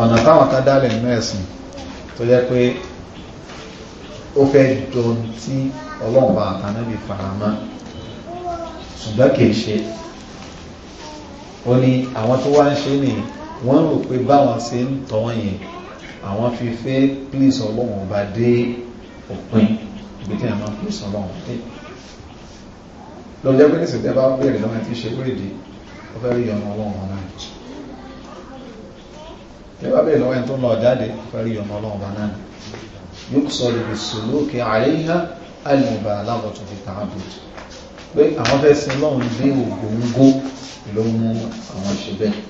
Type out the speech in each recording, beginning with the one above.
ọ̀nà táwọn kan dálẹ̀ nínú ẹ̀sìn tó jẹ́ pé ó fẹ́ jọ tí ọlọ́ọ̀bà àtànábì faramá ṣùgbọ́n kìí ṣe ó ní àwọn tó wá ń ṣe ní wọ́n rò pé báwọn ṣe ń tọ́ yẹn àwọn fi fẹ́ pílìs ọlọ́run ọba dé òpin ibi àwọn pílìs ọlọ́run dé lọ́jọ́ pé ní ṣètẹ́ bẹ̀rẹ̀ lọ́wọ́ ti ṣe wéèdè ó fẹ́ rí ọmọ ọlọ́run náà nígbà bẹ́ẹ̀ lọ́wọ́ ẹni tó lọ jáde fẹ́rí ọmọ ọlọ́run bá náà yóò sọ lè sòló kí àríyá alìmọ̀bà aláwọ̀tún fi tààbù pé àwọn fẹ́ sin lọ́run dé ògbóngó ló mú àwọn ṣe bẹ́ẹ̀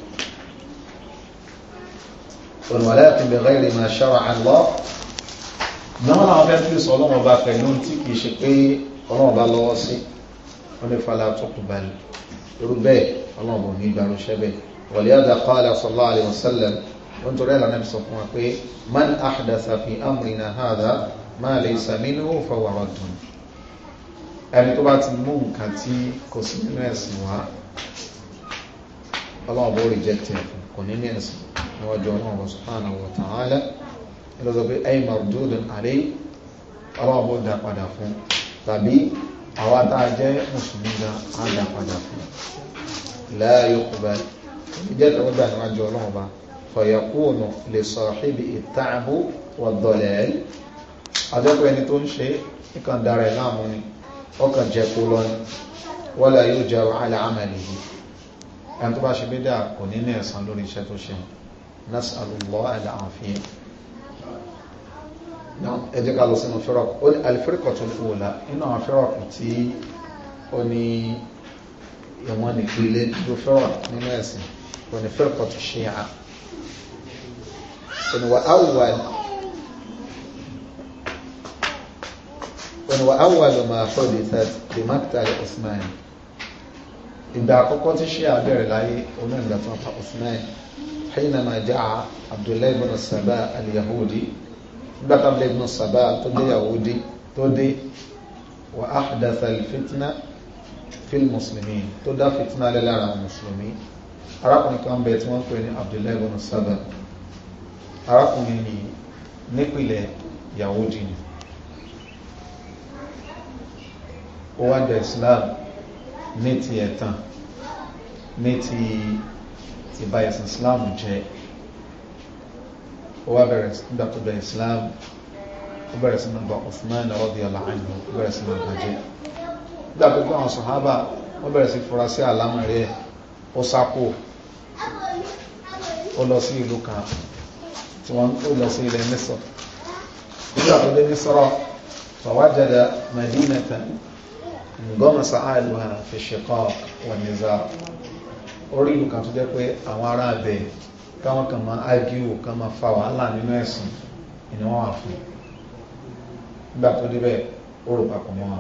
olùwàlẹ́ àti bẹ̀rẹ̀ rẹ̀ máa ṣára àlọ́ náà làwọn fẹ́ fi sọ ọlọ́run ọba pẹ̀lú tí kìí lọ́wọ́ sí wọ́n ní fàlà àtọ́kùn balẹ̀ orú bẹ́ẹ̀ wọ́n torí ẹ̀lànà sọ fún wa pé man ahdatha fi amrina hadha ma laysa minhu fahuwa raddun ẹni tó bá ti mú nǹkan tí kò sí nínú ẹ̀sìn wa ọlọ́wọ́ bó reject ẹ̀ kò ní ẹ̀sìn níwájú ọlọ́wọ́ subhanahu wa ta'ala ẹlọ́sọ pé ay mardudun alayhi ọlọ́wọ́ dá padà fún tàbí àwa tá a jẹ́ mùsùlùmí ga á dá padà fún la yuqbal ìjẹ́ tọ́gbà níwájú ọlọ́wọ́ fọ̀yàkúnù lè sọ̀híbi ìtààbù wọ̀dọ̀lẹ̀ àjọ́pọ̀ ẹni tó ń ṣe ìkàn dára láàmú ni ọkàn jẹ kó lọ ní wọ́lá yóò jẹ́ àlẹ́ àmàlì yìí ẹni tó bá ṣe bídà kò ní ní ẹ̀san lórí iṣẹ́ tó ṣe nas'alullah al-afiyah ẹ jẹ́ ká lọ sínú fẹ́rọ̀kù ó ní alifẹ́rẹ́kọ̀tún fòlá inú àwọn fẹ́rọ̀kù tí ó ní ìwọ̀n nìpínlẹ̀ tó fẹ́rọ̀kù nínú ẹ̀sìn ó ní fẹ́rọ̀kọ̀tún ṣíyà oníwà awwal oníwà awwal ma haditha bi maqtal Usman ìgbà àkọ́kọ́ tí ṣe àbẹ̀rẹ̀ láyé onígbà tó ń pa Usman حينما جاء عبد الله بن سبا اليهودي بقى عبد الله بن سبا تودي يهودي تودي وأحدث الفتنة في المسلمين تودى فتنة للعالم المسلمين أراكم كم بيت ممكن عبد الله بن سبا arákùnrin ni nípìnlẹ̀ Yahudi ni ó wá Islam ní ti ẹ̀tàn ní Islam jẹ́ ó wá bẹ̀rẹ̀ Islam ó ala sí nàbà Uthman radiyallahu anhu ó bẹ̀rẹ̀ sí nàbà jẹ́ nígbà tó gbọ́ fura si àlámọ̀ tí wọ́n ń kó lọ sí ilẹ̀ Misr nígbà tó dé Misr fawajada madinatan ngọ́mọ̀sá àìlúwà fi shiqaq wa nizaa orí ìlú kan tó jẹ́ pé àwọn ará abẹ káwọn kan máa ágíwò kan máa fa wàhálà nínú ẹ̀sìn ìní wọ́n wà fún nígbà tó débẹ̀ ó rò papọ̀ mọ́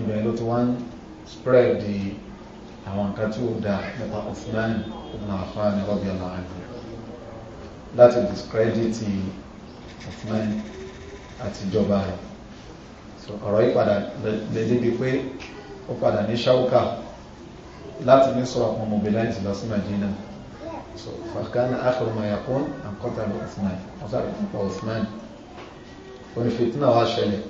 ibẹ̀ ló ti wọ́n spread àwọn nǹkan tí ó dáa nípa Uthman ibn Affan radiyallahu anhu láti discredit Uthman àti ìjọba rẹ̀ so ọ̀rọ̀ yìí padà lè débi pé ó padà ní ṣáúkà láti ní sọ́rọ̀ àwọn mobilize lọ sí Madina so fàkánà akọrọmọ yakun and kọtàlù Uthman kọtàlù nípa Uthman oní fìtínà wá ṣẹlẹ̀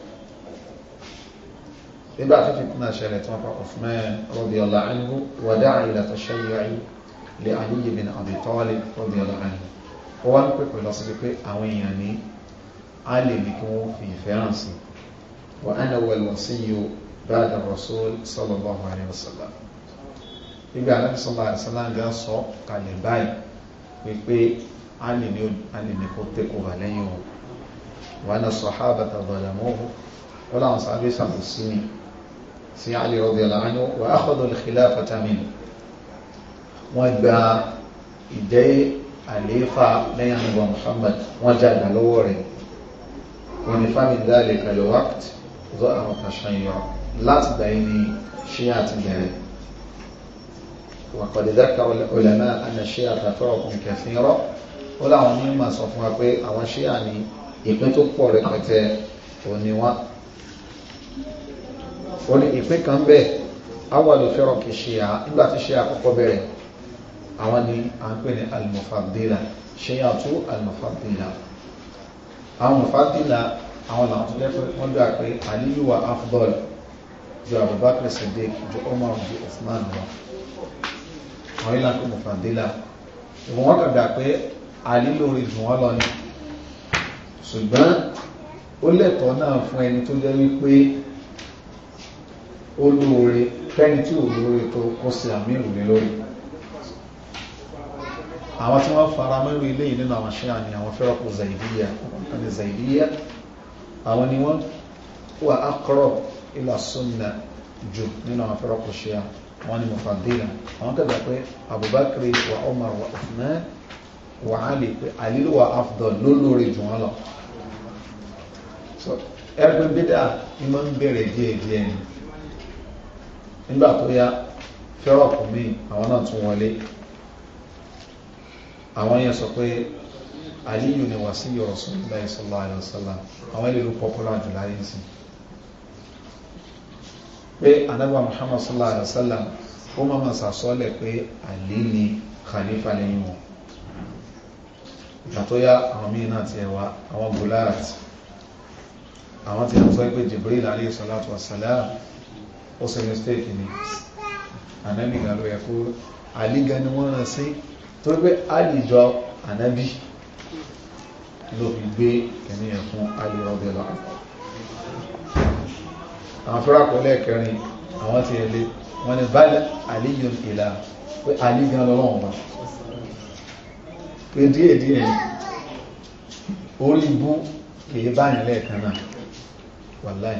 nígbà tí fìtínà ṣẹlẹ̀ tí wọ́n pa Uthman radiyallahu anhu wada'a ila tashayyu'i li Ali bin Abi Talib radiyallahu anhu ó wá ń pèpè lọ síbi pé àwọn èèyàn ní a lè ní kí wọ́n fi ìfẹ́ hàn sí wọ́n á náwó ẹ̀wọ̀n sí yìí ó báàdà rasul sallallahu alayhi wa sallam nígbà alábi sallallahu alayhi wa sallam lè ní kó wọ́n gba ìjẹ́ àlééfà lẹ́yìn àgbà Muhammad wọ́n jàgbà lọ́wọ́ rẹ̀ wọ́n ni fámìlì dáàlẹ̀ pẹ̀lú wákàtí zọ àwọn kàṣàyàn láti gbà yìí ṣíyà ti bẹ̀rẹ̀ وقد ذكر العلماء أن الشيعة فرق كثيرة ولا عمين ما صفوا pé àwọn Ṣíà ní ìpín tó pọ̀ rẹpẹtẹ ni wọ́n wọ́n ìpín kan bẹ́ẹ̀ awàlù fẹ́ràn kì í ṣe nígbà tí ṣe àkọ́kọ́ bẹ̀rẹ̀ àwọn ni à ń pè ní al-mufaddila shayatu al-mufaddila àwọn mufaddila àwọn làwọn tó lẹ́fẹ́ wọ́n dà pé Aliyu wa afdol ju Abubakar Siddiq ju Umar ju Uthman lọ àwọn ilé àpò mufaddila ìwọ̀n wọ́n kàgbà pé Aliyu lórí ìdùn wọn lọ ni ṣùgbọ́n ó lẹ́tọ̀ọ́ náà fún ẹni tó jẹ́ wípé ó fẹ́ni tí ò tó kó sí àmì ìrùlé lórí àwọn tí wọ́n fara mẹ́rin ilé yìí nínú àwọn ṣíà ni àwọn fẹ́rọ̀kù zaidiya àti zaidiya àwọn ni wọ́n wà aqrab ila sunna jù nínú àwọn fẹ́rọ̀kù ṣíà wọ́n ni mufaddila àwọn kẹ́gbà pé abubakar wa umar wa uthman wa ali pé alilu wa afdal ló lórí jù wọn lọ ẹgbẹ́ bídà ni wọ́n bẹ̀rẹ̀ díẹ̀ díẹ̀ nígbà tó yá fẹ́rọ̀kù míì àwọn náà tún wọlé àwọn yẹn sọ pé aliyu ni wà sí yọrọ sọlá ìsọlá àlọsọlá àwọn ilé ló popular jù láyé sí pé anábà muhammad sọlá àlọsọlá ó máa ma sàsọ́lẹ̀ pé àlè ni khalifa lẹ́yìn wọn ìgbà tó yá àwọn míì náà ti ẹwà àwọn gulat àwọn ti sọ pé jibril alayhi salatu wasalam ó ṣe mistake ni anábìgà ló yẹ kó ni wọ́n rán sí tó pé alìjọ ànábì ló fi gbé ènìyàn fún alìrọ̀bẹ̀ lọ àwọn fúrakọ̀ lẹ́ẹ̀kẹrin àwọn ti ẹ̀lẹ́ wọn ni bá àlíyàn ìlà pé àlíyàn lọ́wọ́n wọn pé díẹ̀ díẹ̀ orí ibú kìí báyìí lẹ́ẹ̀kan náà wàláì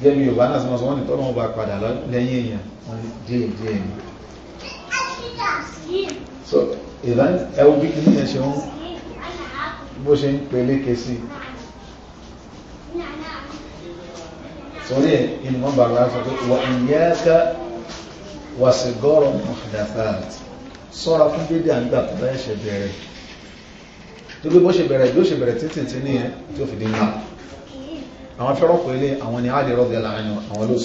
gẹ́gẹ́ bí Yorùbá náà sọ wọ́n ni tọ́lọ́wọ́n bá padà lẹ́yìn èèyàn wọ́n díẹ̀ díẹ̀ ni so ìdán ẹwú bí kí níyẹn ṣe ń bó ṣe ń peléke sí sórí ẹ̀ ìmọ̀ bàbá sọ pé wà ìyáka wà sí gọ́rọ̀ muhdathat sọ́ra fún dédé àgbà tó bá ṣe bẹ̀rẹ̀ tó gbé bó ṣe bẹ̀rẹ̀ bí ó ṣe bẹ̀rẹ̀ títì tí níyẹn tí ó fi dín náà àwọn fẹ́rọ̀pọ̀ ilé àwọn ni àdìrọ̀ bẹ̀rẹ̀ àwọn ló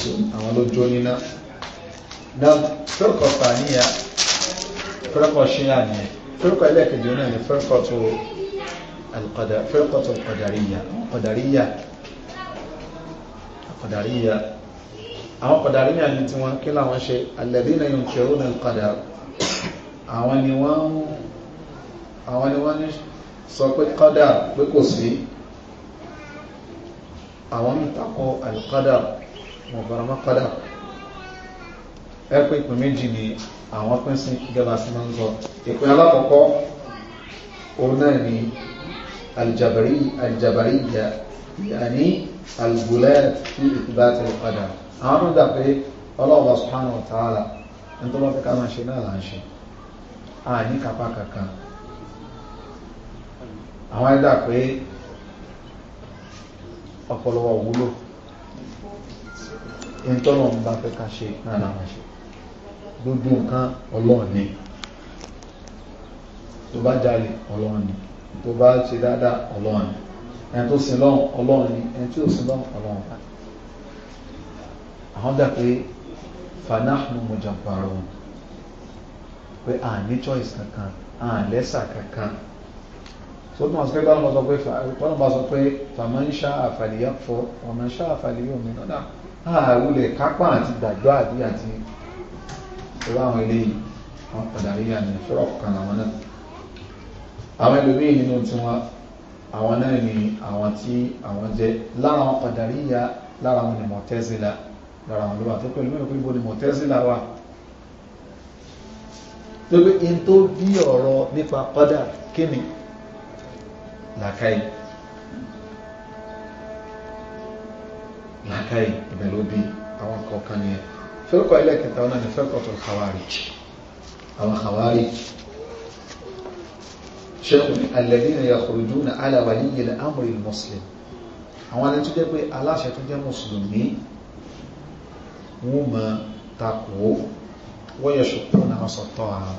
jó níná na fẹ́rọ̀kọ̀ fàníyà fẹ́rẹ́kọ̀ ṣíyà ni fẹ́rẹ́kọ̀ ẹlẹ́kẹ̀jọ náà ni fẹ́rẹ́kọ̀ tó kọ̀dàríyà kọ̀dàríyà kọ̀dàríyà àwọn kọ̀dàríyà ni tí wọ́n kí láwọn ṣe alladhina yunkiruna al-qadar àwọn ni wọ́n sọ pé kọ́dà pé kò sí àwọn ń takò al-qadar mọ̀bàràmọ́ kọ́dà ẹ pé ìpín méjì ni àwọn pín sí gẹ́gẹ́ sí máa ń sọ ìpín alákọ̀ọ́kọ́ òun náà ni aljabari aljabari ya yaani albulẹ fi ìtìbátì padà àwọn tó dà pé ọlọ́ọ̀bá subhanahu wa ta'ala ní tó bá ká máa ṣe náà là ń ṣe àní kápá kankan àwọn ẹ̀dà pé ọpọlọwọ wúlò ìtọ́nà ń bá fẹ́ ká ṣe náà làwọn ṣe gbogbo nǹkan ọlọ́run ni tó bá jalè ọlọ́run ni tó bá ṣe dáadáa ọlọ́run ni ẹni tó sin lọ́run ọlọ́run ni ẹni tí ò sin lọ́run ọlọ́run ni àwọn dà pé fanahnu mujabbarun pé à ní choice kankan à lẹ́sà kankan sọ́dún àti pẹ́gbà lọ́mọ sọ pé wọ́n bá sọ pé faman sha'a falyakfur wa man sha'a falyu'min náà àwùlẹ̀ kápá àti gbàgbọ́ àti àti irú àwọn eléyìí wọn padà rí àmì fúrọ̀ kan làwọn náà àwọn ẹlòmíì nínú tiwọn àwọn náà ni àwọn tí àwọn jẹ lára àwọn padà rí ya lára àwọn ni mọ̀tẹ́sílà lára àwọn lọ́wọ́ àtọ́pẹ́ lómìnira pé ibo ni mọ̀tẹ́sílà wà tó pé in tó bí ọ̀rọ̀ nípa padà kíni làkàì làkàì ìbẹ̀lóbi àwọn kọ̀ọ̀kan nìyẹn fẹ́rẹ́kọ̀ ẹlẹ́kẹta ọ̀nà ni fẹ́rẹ́kọ̀ tó khawarij àwọn khawarij ṣẹ́kùn alladhina yakhrujuna ala waliyyil amri muslim àwọn alẹ́ tó jẹ́ pé aláṣẹ tó jẹ́ mùsùlùmí wọ́n ma takò wọ́n yẹ ṣùkún àwọn sọ̀tọ̀ àwọn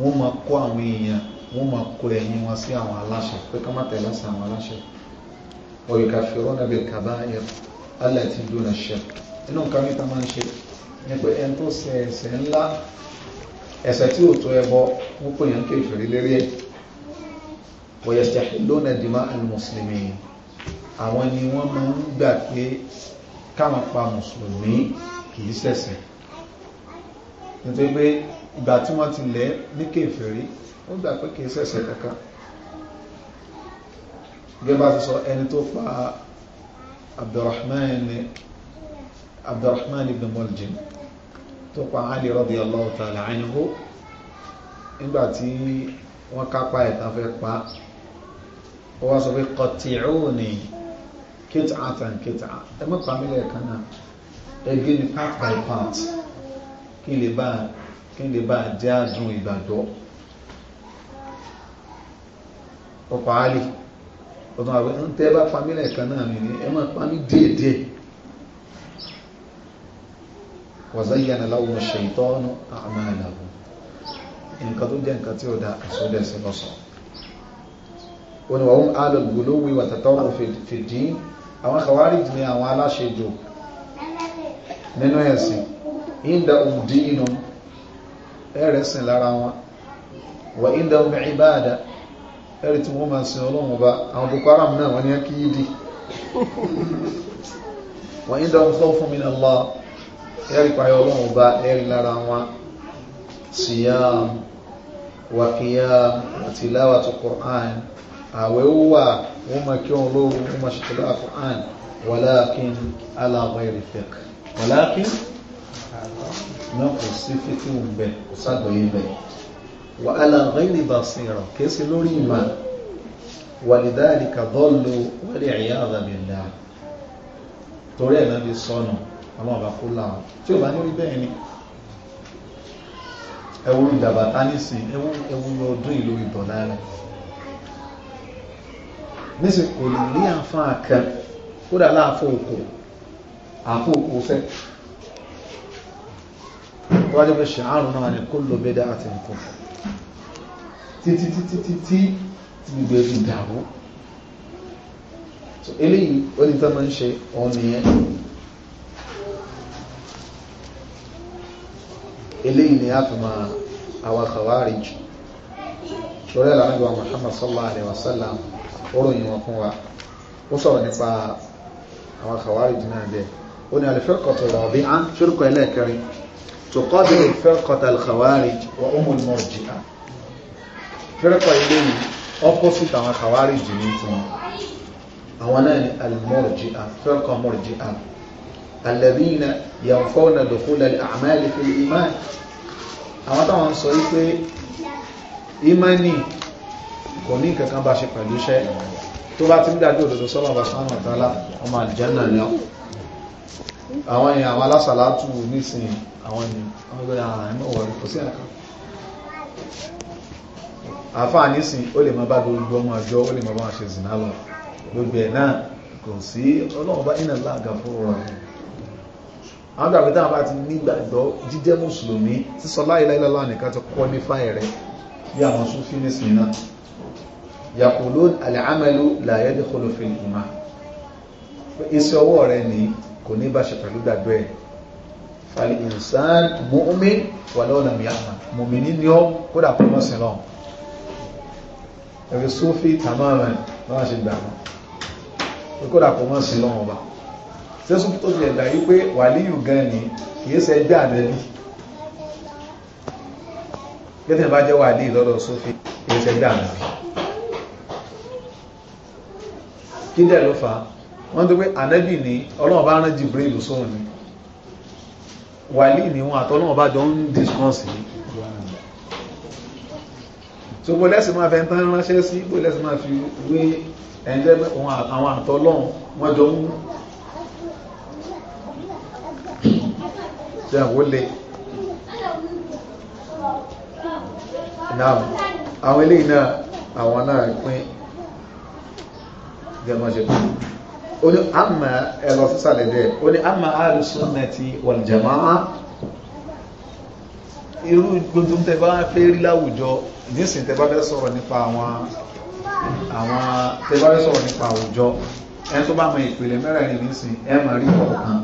wọ́n ma kó àwọn èèyàn wọ́n ma kó ẹ̀yìn wọn sí àwọn aláṣẹ pé ká má tẹ̀lé àwọn aláṣẹ wọ́n yìí kafiruna bil kaba'ir inú nǹkan mìta máa ń ṣe ni pé ẹni tó ṣe ẹ̀ṣẹ̀ ńlá ẹ̀ṣẹ̀ tí ò tó ẹbọ wọ́n pè yàn kéfèrí lérí ẹ̀ wa yastahilluna dima'a al-muslimin àwọn ni wọ́n máa ń gbà pé káwọn pa mùsùlùmí kìí ṣẹ̀ṣẹ̀ nítorí pé ìgbà tí wọ́n ti lẹ̀ ní kéfèrí ó gbà pé kìí ṣẹ̀ṣẹ̀ kankan gẹ́gẹ́ bá ti sọ ẹni tó pa Abdurrahman abdulrahman ibn muljim tó pa ali radiyallahu ta'ala anhu nígbà tí wọ́n kápá ẹ̀tàn fẹ́ pa ó wá sọ pé qati'uni kit'atan kit'atan ẹmọ́ pàmílẹ̀ kan náà ẹgbẹ́ ní pápá ipart kí lè bá kí lè bá jẹ́ àdùn ìgbàgbọ́ ọ̀pá ali ọ̀tọ̀ àwọn tẹ́ bá pàmílẹ̀ kan náà nìyí ẹmọ́ pàmí díẹ̀díẹ̀ وزين لهم الشيطان أعمالهم nǹkan tó jẹ́ nǹkan tí ó dá àṣọ́dẹ̀ sí lọ́sọ̀ wọn wà ń alùgbòlówì wàtàtọ́rọ̀ fìdí àwọn khawarij ní àwọn aláṣejò nínú ẹ̀sìn ìdá òdí inú ẹ̀rẹ̀sìn lára wọn wà ìdá omi ìbáadà ẹ̀rẹ̀ tí wọ́n máa sin ọlọ́run bá àwọn boko haram náà wọ́n ní ẹkí yìí dì wà ìdá omi khawfun min Allah ẹ̀rí payọ ọlọ́run bá ẹ̀rí lára wọn siyam wa qiyam wa tilawatu Qur'an àwẹ̀ wà wọ́n ma kí wọn lóòrùn wọ́n ma ṣètìlá Qur'an walakin ala ghayri fiqh walakin náà kò sí torí ẹ̀ náà fi ọlọ́run bá kó láwọn tí ò bá ní orí bẹ́ẹ̀ ni ẹwú ìdàbà tá nísìn ẹwú ẹwú ọdún ìlú ìdọ̀lá rẹ̀ nísìn kò lè ní àǹfààní kan kódà láàfọ̀ òkò àfọ̀ òkò fẹ́ tó wájú pé ṣe àrùn náà ni kó lò bẹ́dẹ̀ àti nǹkan títí títí títí gbogbo ẹbí ìdàrú eléyìí ó ní tọ́ máa ń ṣe ọ̀nìyẹn eléyìí ni a fi ma àwọn khawarij ṣorẹ́ ìlànàgbà Muhammad sallallahu alaihi wasallam oróyìn wọn fún wa ó sọ̀rọ̀ nípa àwọn khawarij náà bẹ́ ó ní al-firqatu rabi'a ṣirku ẹlẹ́ẹ̀kẹrin tuqabilu al-firqata al-khawarij wa umul murji'a الذين yanfawna دخول الأعمال amali fil iman àwọn táwọn sọ wípé imani kò ní kankan bá ṣe pẹ̀lú iṣẹ́ tó bá ti ń dájú òdòdó sọ́lọ̀ bá sánà àtàlá ọmọ àjẹ́nà ni ọ́ àwọn èèyàn àwọn alásàlátù nísìn àwọn ènìyàn àwọn ẹgbẹ́ àwọn ẹ̀mọ́ wọ̀rí kò sí àkà àfáà nísìn ó lè máa bá gbogbo ọmọ àjọ ó lè máa bá ṣe zìnà lọ gbogbo ẹ̀ náà kò sí ọlọ́run bá ìnà láàgà àwọn gbàgbé táwọn bá ti nígbàgbọ́ jíjẹ́ mùsùlùmí sísọ láìláìlọ́lá nìkan ti kọ́ ní fáì rẹ̀ bí àwọn súnfí nísìnyí náà yàkùlú alìámẹ́lú làyẹ́dì kọlọ̀fẹ́ ìmá iṣẹ́ ọwọ́ rẹ̀ ni kò ní bá ṣe pẹ̀lú gbàgbọ́ ẹ̀ fàlì ìsán mọ́mí wà lọ́nà mìíràn mọ́mí ní ní ọ́ kódà pọ́mọ́sìn lọ́wọ́ ẹ̀rẹ́ sófí tàmáàrẹ̀ máa lọ́wọ́ sẹ́sùn tó ti ẹ̀dà yí pé wàlíyù gan ni kìí ṣe ẹgbẹ́ ànẹ́bí gẹ́tẹ̀ bá jẹ́ wàlíì lọ́dọ̀ sófin kìí ṣe ẹgbẹ́ ànẹ́bí kí dẹ̀ ló fa wọ́n tó pé ànẹ́bí ni ọlọ́run bá rán Jibril sóhun ni wàlíì ni wọn àtọ́lọ́run bá jọ ń discuss ni so bó lẹ́sìn máa fẹ́ tán ránṣẹ́ sí bó lẹ́sìn máa fi wé ẹ̀ńdẹ́ àwọn àtọ́lọ́run wọ́n jọ ń ṣe àwọn olè náà àwọn ilé náà àwọn náà pín gẹ́gbọ́n ṣe pín ó ní àmà ẹlọ sísàlẹ̀ dẹ̀ ó ní àmà al-sunnati wal jamaa'ah irú gbogbo tẹ́ bá fẹ́ rí láwùjọ nísìn tẹ́ bá fẹ́ sọ̀rọ̀ nípa àwọn àwọn tẹ́ sọ̀rọ̀ nípa àwùjọ ẹni tó bá mọ ìpìlẹ̀ mẹ́rẹ̀ẹ̀rin nísìn ẹ máa rí kọ̀ọ̀kan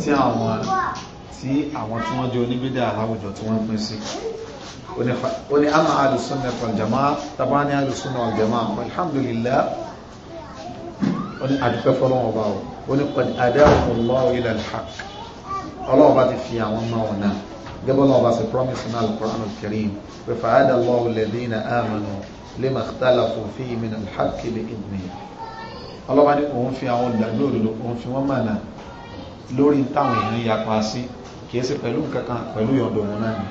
tí àwọn tí àwọn tí wọ́n jẹ́ oníbídà aláwùjọ tí wọ́n pín sí ó ní àmà àdùsúnnà ọ̀jàmá tàbá ní àdùsúnnà ọ̀jàmá alhamdulillah ó ní àdúpẹ́ fọ́lọ́wọ́ bá o ó ní qad adāhum Allāhu ilā al-ḥaqq ọlọ́wọ́ bá ti fi àwọn ọmọ wọn náà gẹ́gẹ́ lọ́wọ́ bá sì promise náà al-Qur'ān al-Karīm pé fahada Allāhu alladhīna āmanū limā ikhtalafū fīhi min kìí sí pẹ̀lú kankan pẹ̀lú yọ̀ndọ̀ wọn náà ni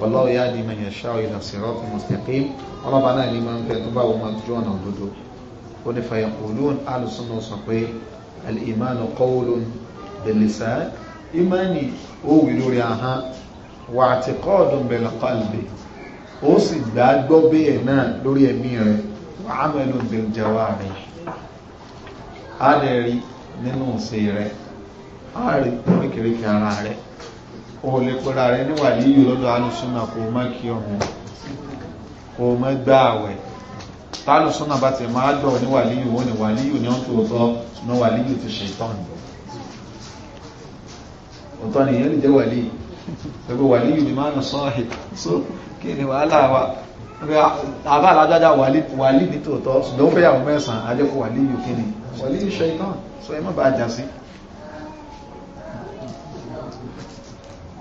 wallahu yahdi man yasha'u ila siratin mustaqim ọlọ́ba náà ní máa ń fẹ́ tó bá wọn máa jó ọ̀nà òdodo ó ní fayaqulun alùsùn náà sọ pé al-imanu qawlun bil-lisan ìmánì ó wì lórí ahán wa i'tiqadun bil-qalbi ó sì gbàgbọ́ bẹ́ẹ̀ náà lórí ẹ̀mí rẹ̀ wa á lè rí nínú òsè rẹ̀ o lè pẹ̀lú ààrẹ níwà líyù lọ́dọ̀ alùsùnà kò mọ́ kí ọmọ kò mọ́ gbá àwẹ̀ tálùsùnà bá ti máa dọ̀ níwà líyù ó ní wà líyù ní ọ́n tó tọ́ wà líyù ti ṣe ìtọ́nù ọ̀tọ́ ni ìyẹn lè jẹ́ wàlí gbogbo wàlí yìí ni máa nà sọ́ọ̀hì so kí ni wàhálà wa àbá alájájá wàlí ní tòótọ́ ṣùgbọ́n ó fẹ́yàwó mẹ́sàn-án ajẹ́kọ̀ wàlí yìí kí ni wàlí yìí ṣe ìtàn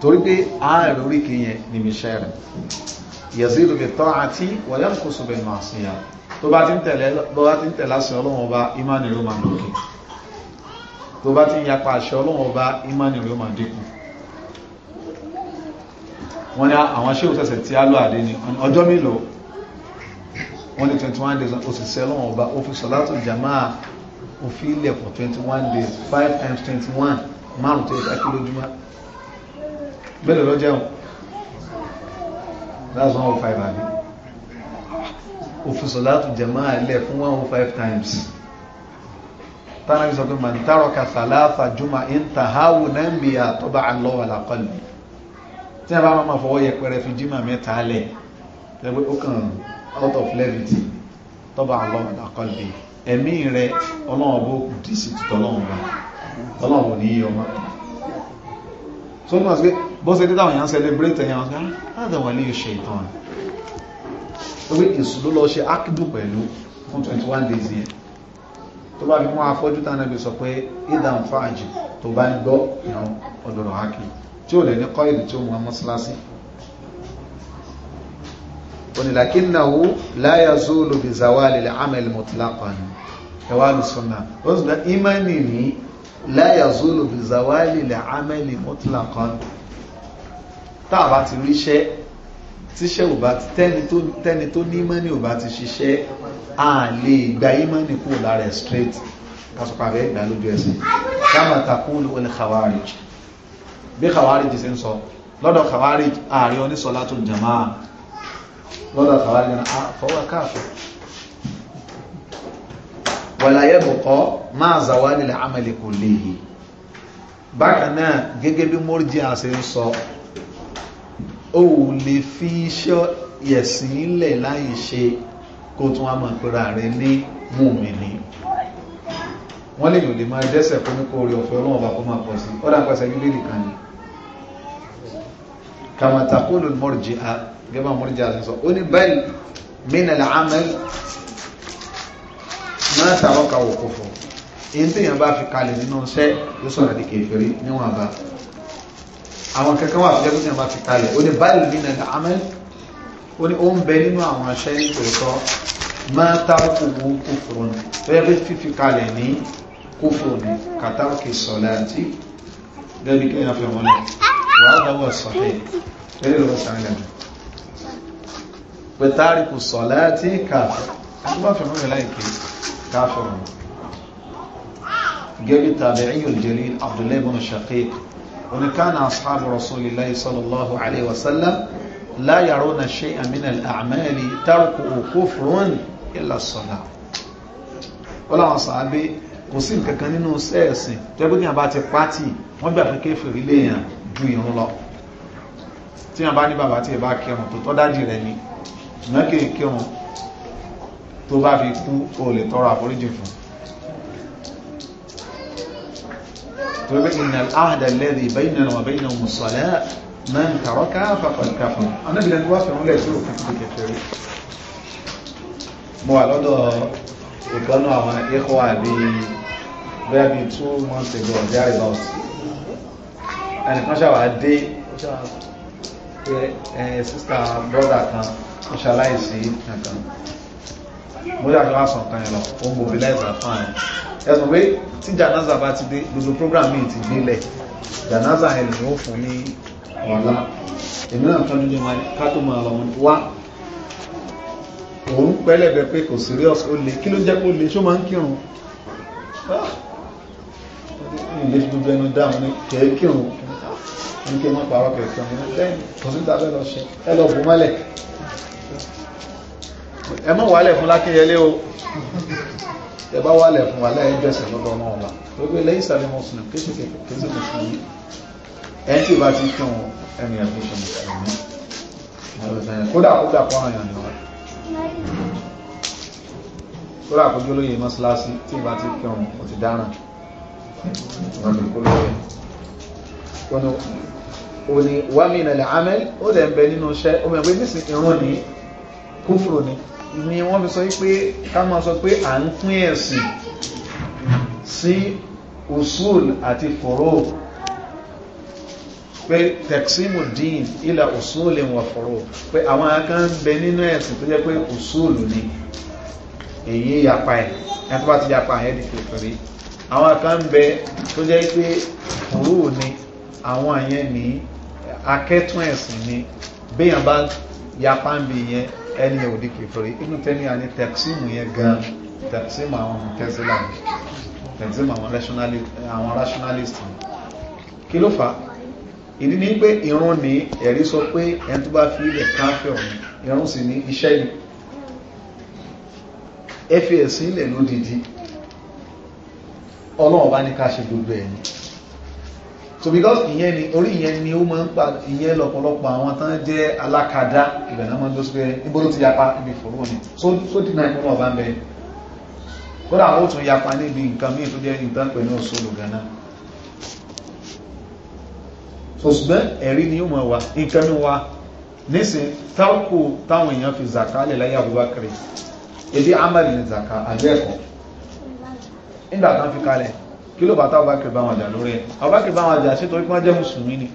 torí pé ààrẹ oríkì yẹn ni michel yazidu bi ta'ati wa yanqusu bil ma'siya tó bá ti ń tẹ̀lé bó bá ti ń tẹ̀lé àṣẹ ọlọ́run ọba imani ló máa lòkè tó bá ti ń yapa àṣẹ ọlọ́run ọba imani máa dínkù wọ́n ní àwọn ṣéwù tẹ̀sẹ̀ tí a lọ àdé ni ọjọ́ mélòó wọ́n ní 21 days òṣìṣẹ́ ọlọ́run ọba ó fi sọ̀látù jamaa òfin ilẹ̀ for 21 days 5 times 21 márùn-ún tó yẹ kí lójúmọ́ mélòó ló jẹun that's one of oh five àbí òfin sọ̀látù jẹ̀máà lẹ̀ fún one oh five times tánàbí sọ pé man taraka sàlátà jùmọ̀ ìntàháwù náà ń bí àtọ́bà Allahu ala qalbi tí a bá máa fọwọ́ yẹpẹrẹ fi jímà mẹ́ta lẹ̀ tẹ́gbẹ́ ó kàn out of levity tọ́bà Allahu ala qalbi ẹ̀mí rẹ̀ ọlọ́wọ́ bó kù sí tutọ́ bá ọlọ́wọ́ ní iye ọmọ so ní wọ́n sí pé bọ́sẹ̀ títà wọ̀nyàn celebrate ẹ̀yàn wọ́n sí àdàwà lè ṣe ìtàn tó pé èsù ló lọ ṣe ákìdù pẹ̀lú fún 21 days yẹn tó bá fi mú afọ́jú tánàbí sọ pé idan fàájì tó bá ń gbọ́ ìran ọdọ̀rọ̀ ákì tí ó lè ní kọ́ìlì tí ó mú mọ́sílásí onílàkínàwó láyà zóòlù bí amẹ́lì mọ̀tílápàá ni ẹwà lùsọ́nà láyà zolo bizawali lè amẹ́lì mọ́tìlákan tá a bá ti ríṣẹ́ tíṣẹ́ ò bá ti tẹ́ni tó ní mọ́ni ò bá ti ṣiṣẹ́ a lè gba ìmọ́ni kúrò lára ẹ̀ straight kásọpá rẹ̀ gbà lójú ẹsẹ̀ dáàmà takúlù olè khawarij bí khawarij ṣe ń sọ lọ́dọ̀ khawarij ààrẹ onísọ̀látò jama'a lọ́dọ̀ khawarij náà fọwọ́ káàkiri wala yabqa máa zawalil amali kullihi bákan náà gẹ́gẹ́ bí mọ́rìjì àṣẹ ń sọ ó lè fi iṣẹ́ yẹ̀sìn ilẹ̀ láì ṣe kó tún àmọ̀ pẹ̀lú ààrẹ ní mùmínì wọ́n lè yòlè máa dẹ́sẹ̀ fún kó orí ọ̀fẹ́ ọlọ́wọ́ bá kó máa pọ̀ sí ọ́dá pẹ̀sẹ̀ bíbélì kan ni kàmàtàkùlù mọ́rìjì a gẹ́gbà mọ́rìjì àṣẹ sọ ó ní bal min al máa tàwọn kàwọ̀ kò fún èyí tí èèyàn bá fi kalẹ̀ nínú iṣẹ́ ló sọ̀rọ̀ di kèfèrí níwọ̀n bá àwọn kankan wà fún èèyàn bá fi kalẹ̀ ó ní báyìí bí nàìjíríà amẹ́ ó ní ó ń bẹ nínú àwọn iṣẹ́ nítòótọ́ máa tàwọn kò wú kò fún ní bẹ́ẹ̀ bí fífi kalẹ̀ ní kò fún ní kàtàkì sọ̀lá àti gẹ́gẹ́ kí èèyàn wọn lọ pẹ̀tàrí kò sọ̀lá àti kà á tó bá fi mọ́ كافر قال التابعي الجليل عبد الله بن الشقيق ومن كان أصحاب رسول الله صلى الله عليه وسلم لا يرون شيئا من الأعمال تركه كفر إلا الصلاة ولا أصحابي kò sí nǹkan kan nínú ẹ̀sìn tó ẹgbẹ́ ní àbá ti pàtì wọ́n gbà pé kéfèrè léèyàn ju ìrun lọ tí wọ́n bá ní bàbá tí ẹ bá kírun tó tọ́dájì rẹ̀ ni ṣùgbọ́n kéèkéèrún tó bá fi kú o lè tọrọ àforíjì fún tó bẹ́ ìnà àádà lẹ́dì ìbẹ́yìnà wà bẹ́yìnà mùsọ̀lẹ́ mẹ́n tàrọ káfà pàdùkáfà anábìlẹ̀ tó wá fẹ́ múlẹ̀ tí ó fi two months ago or thereabout ẹnìkan ṣàwà dé ẹ̀ sísà brọ́dà kan ó ṣaláìsí mo ṣe àṣọ àṣọ kan yẹn lọ ó mobilizer fine ẹ̀sùn pé tí janaza bá ti dé gbogbo program mi ti délẹ̀ janaza yẹn lè ó fún ní ọ̀la èmi náà tọ́jú jẹ́ máa ká tó máa lọ mọ́ wá òun pẹ́lẹ̀bẹ̀ pé kò serious ó lè kí ló jẹ́ kó lè ṣó máa ń kírun ah! ilé gbogbo ẹnu dáhùn ní kẹ́ẹ̀kírun ní kí wọ́n parọ́ kẹ̀kẹ́ ọ̀hún lẹ́yìn kò sí ìdábẹ́ lọ ṣe ẹ bù mọ́lẹ̀ ẹ mọ́ wálẹ̀ fún lákínyẹlé o ẹ bá wálẹ̀ fún wa láyé jẹ́sẹ̀ lọ́dọ̀ ọmọ ọba gbogbo lẹ́yìn sàlẹ̀ mùsùlùmí kéṣe kéṣe mùsùlùmí ẹni tí ìbá ti kí wọn ẹni ẹ̀ kéṣe mùsùlùmí kódà kódà kó àwọn èèyàn lọ kódà kó jólóye mọ́sálásí tí ìbá ti kí wọn ó ti dáràn wọn lè kó lóye ó ní wàmí kúfùrù ni ni wọ́n fi sọ wípé ká máa sọ pé à ń pín ẹ̀sìn sí usul àti fòró pé tẹ̀ksímù dín ilà usul wà fòró pé àwọn akán ń bẹ nínú ẹ̀sìn tó jẹ́ pé usul ni èyí yapa ẹ̀ ẹ̀ tó bá ti yapa ẹ̀ di kèfèrí àwọn akán ń bẹ tó jẹ́ pé fòró ni àwọn àyẹn ní akẹ́tún ẹ̀sìn ni béèyàn bá yapa ń bi yẹn ẹni yẹn ò di kèfèrí inú tẹ́lẹ̀ àní tẹ̀símù yẹn gan tẹ̀símù àwọn tẹ́sílà tẹ̀símù àwọn rationalist kí ló fà ìdí ni pé ìrun ní ẹ̀rí sọ pé ẹni tó bá fi ilẹ̀ káfẹ́ ọ̀hún ìrun sì ní iṣẹ́ ni ẹ fi ẹ̀sìn ilẹ̀ lódìdí ọlọ́run bá ní ká ṣe gbogbo ẹ̀yìn so because ìyẹn ni orí ìyẹn ni ó máa ń pa ìyẹn lọ́pọ̀lọpọ̀ àwọn tán jẹ́ alákàdá ibẹ̀ náà máa ń lọ síbẹ̀ níbóló ti yapa ibi fòrò ni so dínà ìpínlẹ̀ ọba ń bẹ kódà ó tún yapa níbi nǹkan míì tó jẹ́ nǹkan pẹ̀lú òṣòlò gánà so ṣùgbọ́n ẹ̀rí ni ó máa wà nǹkan mi wà nísìn táwùkù táwọn èèyàn fi zaka lè láyé Abubakar èdè amadi ni zàká àbẹ́ẹ̀kọ́ nígbà tán fi kalẹ̀ kí ló bàtà Abubakar bá wọn jà lórí ẹ̀ Abubakar bá wọn jà sí torí pé wọ́n jẹ́ mùsùlùmí ni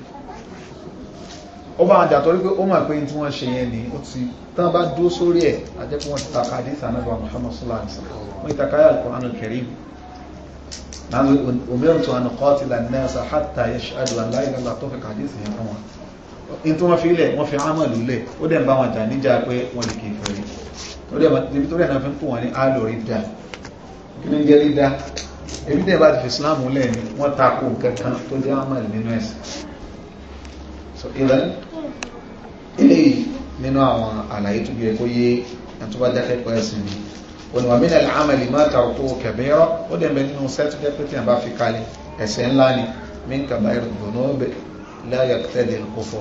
ó bá wọn jà torí pé ó mọ̀ pé tí wọ́n ṣe yẹn ni ó ti tán bá dúó sórí ẹ̀ ajẹ́ pé ti taka àdísà náà Muhammad sallallahu alaihi wasallam wọ́n ti taka yà al-Qur'an al-Karim láti umirtu an hatta yashhadu an la ilaha illa tó fi kàdísà yẹn fún wọn in tí wọ́n fi ilẹ̀ wọ́n fi ámà lulẹ̀ ó dẹ̀ ń bá wọn jà níjà pé wọ́n lè kìí fẹ́rí ó ebi tẹ́ bá ti fi islam lẹ̀ ni wọ́n tako nǹkan kan tó jẹ́ amal nínú ẹ̀sìn so ìlànà eléyìí nínú àwọn àlàyé tó yẹ kó yé ẹni tó bá jẹ́ kẹ́kọ̀ọ́ ẹ̀sìn ni oníwà mí nàlẹ́ amẹ́lì má ta òkú kẹ̀bẹ́rọ́ ó dẹ̀ bẹ nínú sẹ́tù kẹ́kọ̀ọ́ tí a bá fi kalẹ̀ ẹ̀ṣẹ̀ ńlá ni mí ń kàbá irú dùnú láyà tẹ́lẹ̀ kófò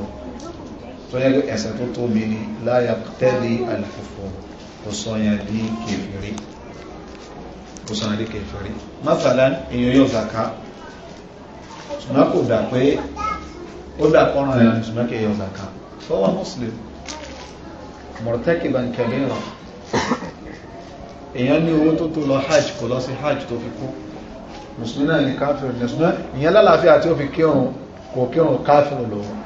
tó yẹ kó ẹ̀ṣẹ̀ tó tóbi ni láyà tẹ́lẹ̀ àlùfòfò kò sọ yẹn di kèfèrí kò sàn rí kẹfẹ́rí mọ́fàlá èèyàn yóò zàká ṣùgbọ́n kò dà pé ó dà kọ́ràn rẹ̀ ní ṣùgbọ́n kẹyọ zàká fọwọ́ muslim mọ̀rọ̀tẹ́kìbà kẹmíra èèyàn ní owó tó tó lọ hajj kò lọ sí hajj tó fi kú musulmi náà ni káfíìrì ní ṣùgbọ́n ìyẹn lálàáfíà tí ó fi kírun kò kírun káfíìrì lòun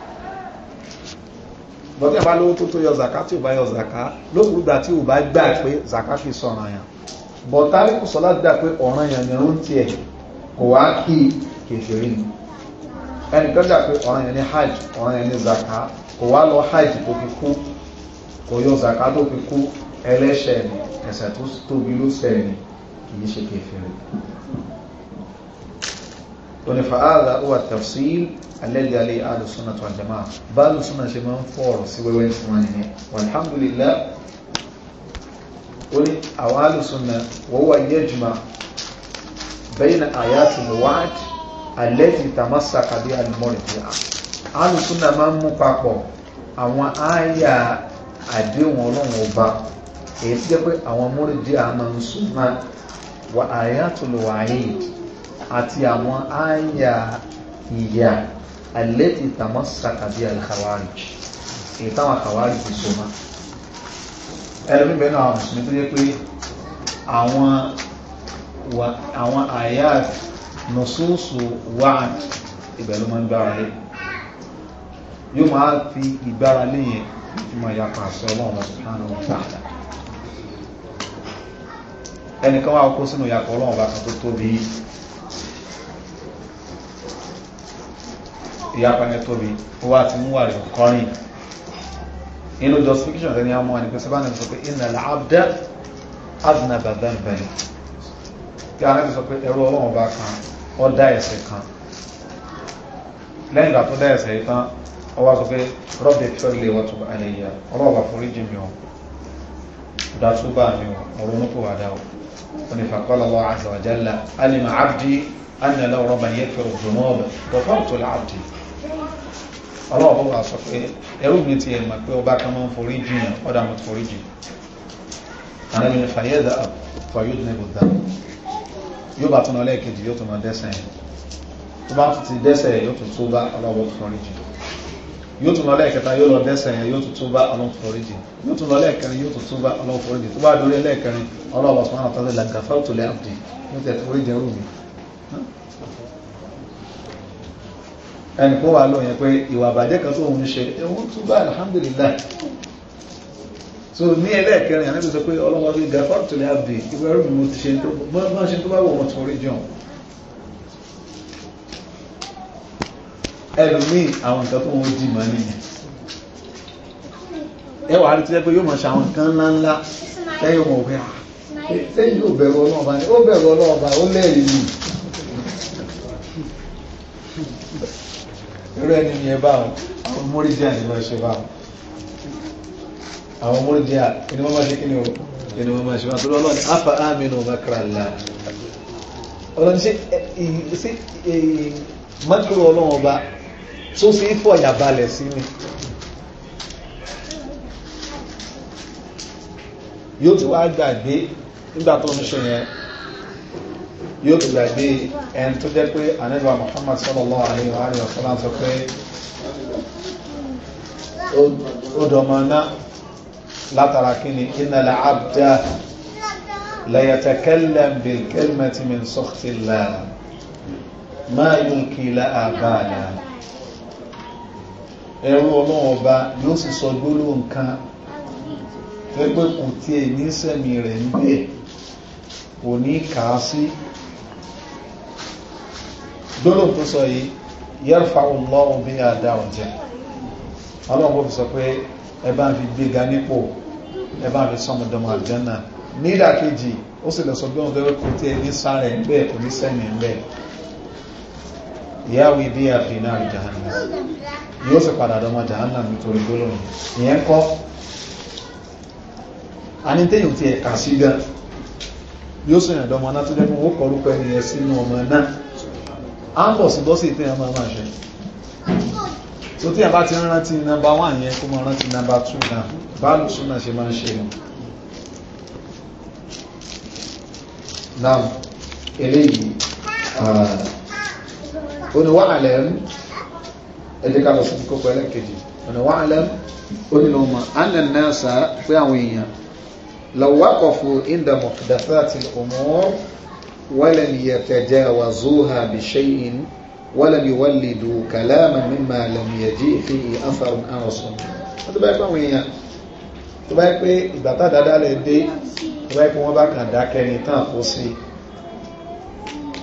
bọ́tẹ́ bá lówó tó tó yọ zàká tí ò bá yọ zàká lókùrúgbà tí ò bá gbà pé zàká fi sọ̀rọ̀ àyàn bọ̀ tàríkù sọ́lá dá pé ọ̀ràn yàn ni rún tí ẹ̀ kò wá kí kèfèrí ni ẹnìkan dá pé ọ̀ràn yàn ni hajj ọ̀ràn yàn ni zaka kò wá lọ hajj tó fi kú kò yọ zaka tó fi kú ẹlẹ́ṣẹ̀ ni ẹ̀ṣẹ̀ tó tóbi ló ṣẹ̀ ni kìí ṣe kèfèrí tòní fàáza ó wà tafsil alẹ́lẹ́ alẹ́ alùsùnà tó àjẹmá bá alùsùnà ṣe máa ń fọ́ sí wẹ́wẹ́ fún wa nìyẹn alhamdulillah ó ní àwọn alùsùnà wọ́n wà yẹ́jùmá bẹ́yìn àyàtì muwad alẹ́tì tamasa kàbí alimọ́rìndínlá alùsùnà máa ń mú papọ̀ àwọn àyà àdéhùn ọlọ́run ọba èyí tí jẹ́ pé àwọn mọ́rìndínlá máa ń súnmọ́ wà àyàtì lùwàáyé àti àwọn àyà ìyà alẹ́tì tamasa kàbí alikawari èyí táwọn akawari fi so máa ẹlẹ́gbẹ̀ẹ́ náà mùsùlùmí tó yẹ pé àwọn àyà nọ̀sọ́ọ̀sọ̀ wà ìbẹ̀lú máa ń gbára lé yóò máa fi ìgbára lé yẹn tí ma yà pàṣẹ ọlọ́run subhanahu wa ta'ala ẹnìkan wà kó sínú ìyàpọ̀ ọlọ́run bá kan tó tóbi ìyàpọ̀ ẹni tóbi ó wá ti mú wà rẹ̀ kọrin inú justification rẹ̀ ni a mọ́ ẹni pé sábàánà sọ pé iná làábdá adnaba dhanban tí a náà sọ pé ẹrú ọlọ́run bá kan ó dá ẹ̀ṣẹ̀ kan lẹ́yìn ìgbà tó dá ẹ̀ṣẹ̀ yìí tán ó wá sọ pé rọ́bì tí ó lè wọ́n tó bá lè yá ọlọ́run bá forí jì mí o dá tó bá mi o mo ronú kó wà dá o ó ní faqala Allahu azza wa jalla alima abdi anna lahu rabban yaghfiru dhunuba ghafartu li abdi ọlọ́wọ́ wà sọ pé ẹrú mi ti ẹ̀mà pé ọba kan máa ń forí jù yàn ọ̀dà mo ti forí jù àwọn ẹni fàyẹ́dà fàyọ́ ní ẹgbẹ̀dà yóò bá tún ọlẹ́ẹ̀kejì yóò tún máa dẹ́sẹ̀ yẹn tó bá tún ti dẹ́sẹ̀ yẹn yóò tún tó bá ọlọ́wọ́ forí jù yóò tún ọlẹ́ẹ̀kẹta yóò lọ dẹ́sẹ̀ yẹn yóò tún tó bá ọlọ́wọ́ forí jù yóò tún ọlẹ́ẹ̀kẹrin yóò tún tó bá ọlọ́wọ́ forí jù tó bá dorí ẹlẹ́ẹ̀kẹrin ọlọ́wọ́ sọ ẹni kó wà lóyìn pé ìwà àbàjẹ́ kan tó ń ṣe ẹ̀wọ́n tó bá alhamdulillah so ní ẹlẹ́ẹ̀kẹrin àníbi sọ pé ọlọ́wọ́ bí gafọ́n tó lè àbì ìwé ẹrù mi mo ti ṣe máa ṣe tó bá wọ̀ wọ́n tó rí jọun ẹlòmíì àwọn nǹkan tó wọ́n jì mọ́ nìyẹn ẹ wà á rí tilẹ̀ pé yóò máa ṣe àwọn nǹkan ńláńlá tẹ́yìn wọn ò bẹ́ẹ̀ irú ẹni yẹn báwọn àwọn mórídìá ni wọ́n ṣe báwọn àwọn mórídìá kí ni wọ́n máa ṣe kí ni o kí ni wọ́n máa ṣe báwọn tó lọ́lọ́ni afa aminu makrala ọlọ́ni ṣe ṣe makro ọlọ́wọ́n ọba tó ṣe é fọ̀yà sí mi yóò ti wá gbàgbé nígbà tó ń ṣe yẹn yóò tó gbàgbé ẹni tó jẹ́ pé anẹ́lúwà Muhammad sallallahu alayhi wa alayhi wa sallam sọ pé ó dọ̀mọ́ná látara kí ni innal abda la yatakallam bil kalimati min sukhtillah ma yulqi laha balan ẹ̀rọ yóò sì sọ gbólóhùn kan pẹ́pẹ́ kò tiẹ̀ ní sẹ́mi rẹ̀ ń bẹ̀ kò kàá sí gbólóhùn tó sọ yìí yẹ́rfà ọlọ́run bí àdá ọ̀jẹ́ ọlọ́run fi sọ pé ẹ fi gbéga nípò ẹ fi sọmọdọmọ àjẹ́nà ó sì lọ sọ bí wọn fẹ́ kó tí ẹni sáré ń kò ní sẹ́mi ń bẹ́ẹ̀ ibi náà yóò padà náà tó jẹ́ fún ó sínú ọmọ náà a ń bọ̀ sí bọ́sí tí máa máa ṣe so tí a bá ti rántí nọmba 1 yẹn kó máa rántí nọmba 2 náà báàlù súnà ṣe máa ń ṣe nù náà eléyìí oníwà àlẹ́m ẹjẹ́ ká lọ sí kókó oníwà àlẹ́m onílọ́mọ ولم يتجاوزوها بشيء ولم يولدوا كلاما مما لم يجيء فيه أثر عن رسول الله tó bá yẹ pé àwọn èèyàn tó bá yẹ pé ìgbà tá dáadáa lè dé tó bá yẹ pé wọ́n bá kàn dákẹ́ ní tán kó sí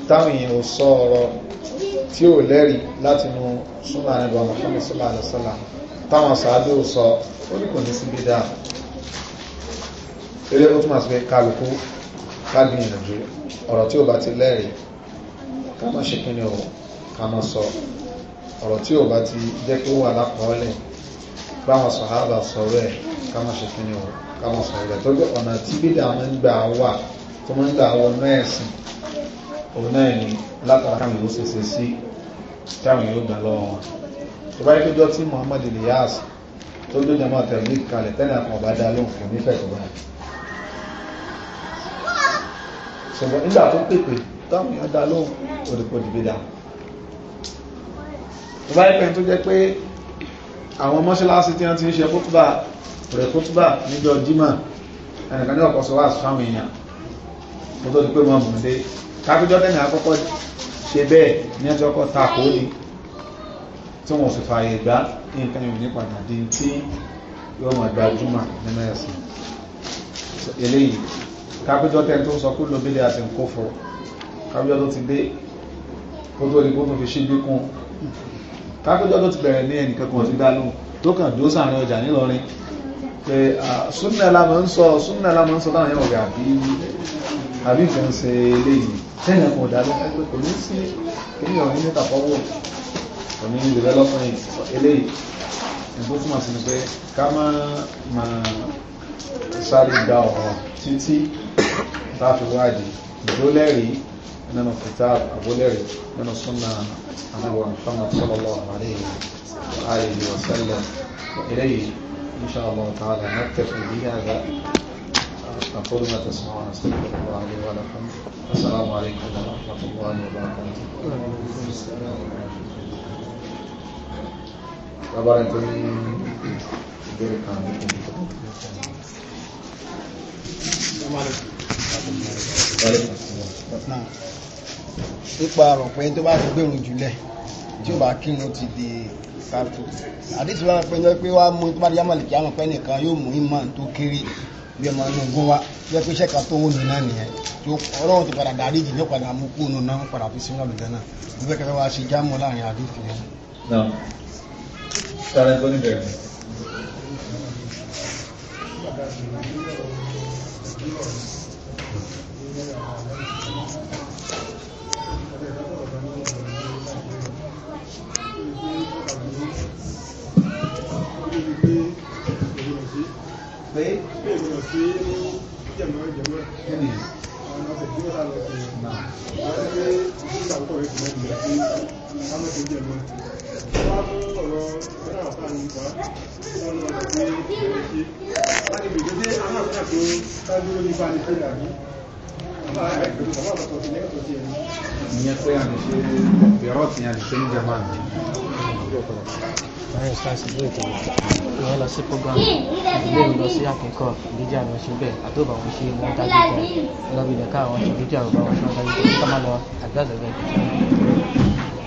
táwọn èèyàn ò sọ ọ̀rọ̀ tí ò lẹ́rìí láti nu súnmọ́ àrẹ́bà Muhammad sallallahu alaihi wasallam táwọn sàájú ò sọ ó ní kò ní sí bí dáa eré ó túnmọ̀ sí pé kálukú ká gbìyànjú ọ̀rọ̀ tí ó bá ti lẹ́rìí ká má ṣe kí ni o ká má sọ ọ̀rọ̀ tí ó bá ti jẹ́ pé ó wà lápọ̀ọ́lẹ̀ báwọn sọ̀hábà sọ rẹ̀ ká má ṣe kí ni o ká má sọ rẹ̀ tó gbé ọ̀nà tí bídà máa ń gbà wà tó máa ń gbà wọ náà òun náà ni látara káwọn yóò ṣèṣe sí táwọn yóò gbà lọ́wọ́ wọn tó bá yẹ kó jọ tí Muhammad Ilyas tó dójú ọmọ tẹ̀lé kalẹ̀ tẹ́lẹ̀ àkànbá dá lóhùn kò nífẹ̀ẹ́ tó báyìí ṣùgbọ́n nígbà tó pèpè táwọn èèyàn dá lóhùn òdìpòdì bídà tó bá ẹgbẹ́ tó jẹ́ pé àwọn mọ́ṣáláṣí tí wọ́n ti ń ṣe kútùbà rẹ̀ kútùbà níjọ jímà ẹnìkan ní ọ̀pọ̀ sọ́wọ́ àṣùfáwọn èèyàn mo tó ti pé mọ́ mọ̀ dé kápẹ́jọ́ tẹ́mi àkọ́kọ́ ṣe bẹ́ẹ̀ ní ẹjọ́ kọ́ takò ní tí wọ́n sì fààyè gbá nǹkan eléyìí kápẹ́jọ́ tẹ́ tó sọ kú ló bílẹ̀ àti nǹkó fọ́ kápẹ́jọ́ tó ti dé kó tó rí kó tó fi ṣígbé kún kápẹ́jọ́ tó ti bẹ̀rẹ̀ ní ẹnì kankan ti dánú tó kàn dó sàárín ọjà nílọrin pé súnnà lámọ́ ń sọ súnnà lámọ́ ń sọ táwọn yẹn ọ̀gá bí àbí nǹkan ṣe eléyìí tẹ́lẹ̀ kan dánú pé kò ní sí kéèyàn ní níta fọ́wọ́ kò ní development eléyìí nǹkan túmọ̀ sí ni pé sáré dá ọ̀rọ̀ títí láti wádìí ìjólẹ́rí nínú kitab àbólẹ́rí nínú súnà àdúgbò Muhammad sallallahu alayhi wa alihi wa sallam إليه إن شاء الله تعالى نكتفي بهذا أقول ما تسمعون أستغفر الله لي ولكم السلام عليكم ورحمة الله وبركاته Agora então, nípa ọ̀pẹ tó bá ti gbèrò jùlẹ̀ tí ó bá kírun ti di káfù àdìsí wọn pé jọ pé wàá mú tó bá di yámàlìkì àwọn ọ̀pẹ nìkan yóò mú ìmọ̀ tó kéré bí ọmọ inú ogún wa jẹ́ pé iṣẹ́ kan tó wọ́n mi náà nìyẹn tó ọlọ́run tó padà dárí jì ní padà mú kú nù náà padà fi sínú ọ̀lùdẹ́ náà mo fẹ́ kẹ́kẹ́ wá ṣe jámọ́ láàrin àdìsí yẹn. náà 喂。ìyẹn pé a lè ṣe ìrọ́ tí a lè ṣe ní german báyìí sáàsì ló ìtàn ìwọ́n lọ sí program ìdílé mi lọ sí akẹ́kọ̀ọ́ ìdíjà àwọn ṣe bẹ́ẹ̀ àtọ́bà wọn ṣe wọ́n dájú jẹ́ lọ́bìnrin ká àwọn ṣe ìdíjà àwọn ṣe wọ́n dájú jẹ́ ká má lọ àgbàdo bẹ́ẹ̀.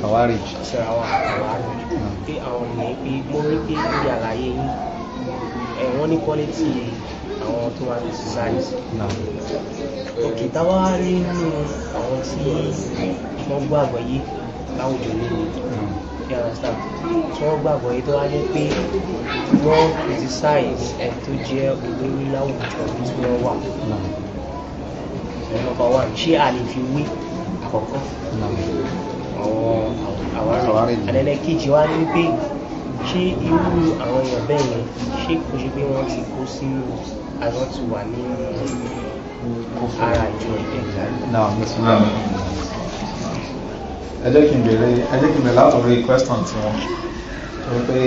kàwárìj. sọ̀rọ̀ àwọn kàwárìj pé àwọn ní pé mo rí pé lórí àlàyé yín wọ́n ní quality àwọn tó wà ní society. òkè táwa rí nínú àwọn tí wọ́n gbàgbọ́ yìí láwùjọ nínú you understand tí wọ́n gbàgbọ́ yìí tó wá ní pé wọ́n criticize ẹ̀ tó jẹ́ olórí láwùjọ tí wọ́n wà. one ṣé a lè fi wí alákọ̀ọ́kọ́ àwọn àwárí àdẹ́lẹ́kejì wá ní wípé ṣé irú àwọn èèyàn bẹ́ẹ̀ yẹn ṣé kò ṣe pé wọ́n ti kó sínú àwọn ti wà ní ara ìjọ ìdẹ́gbà. ẹ kí n bèrè ẹ jẹ́ kí tí wọ́n torí pé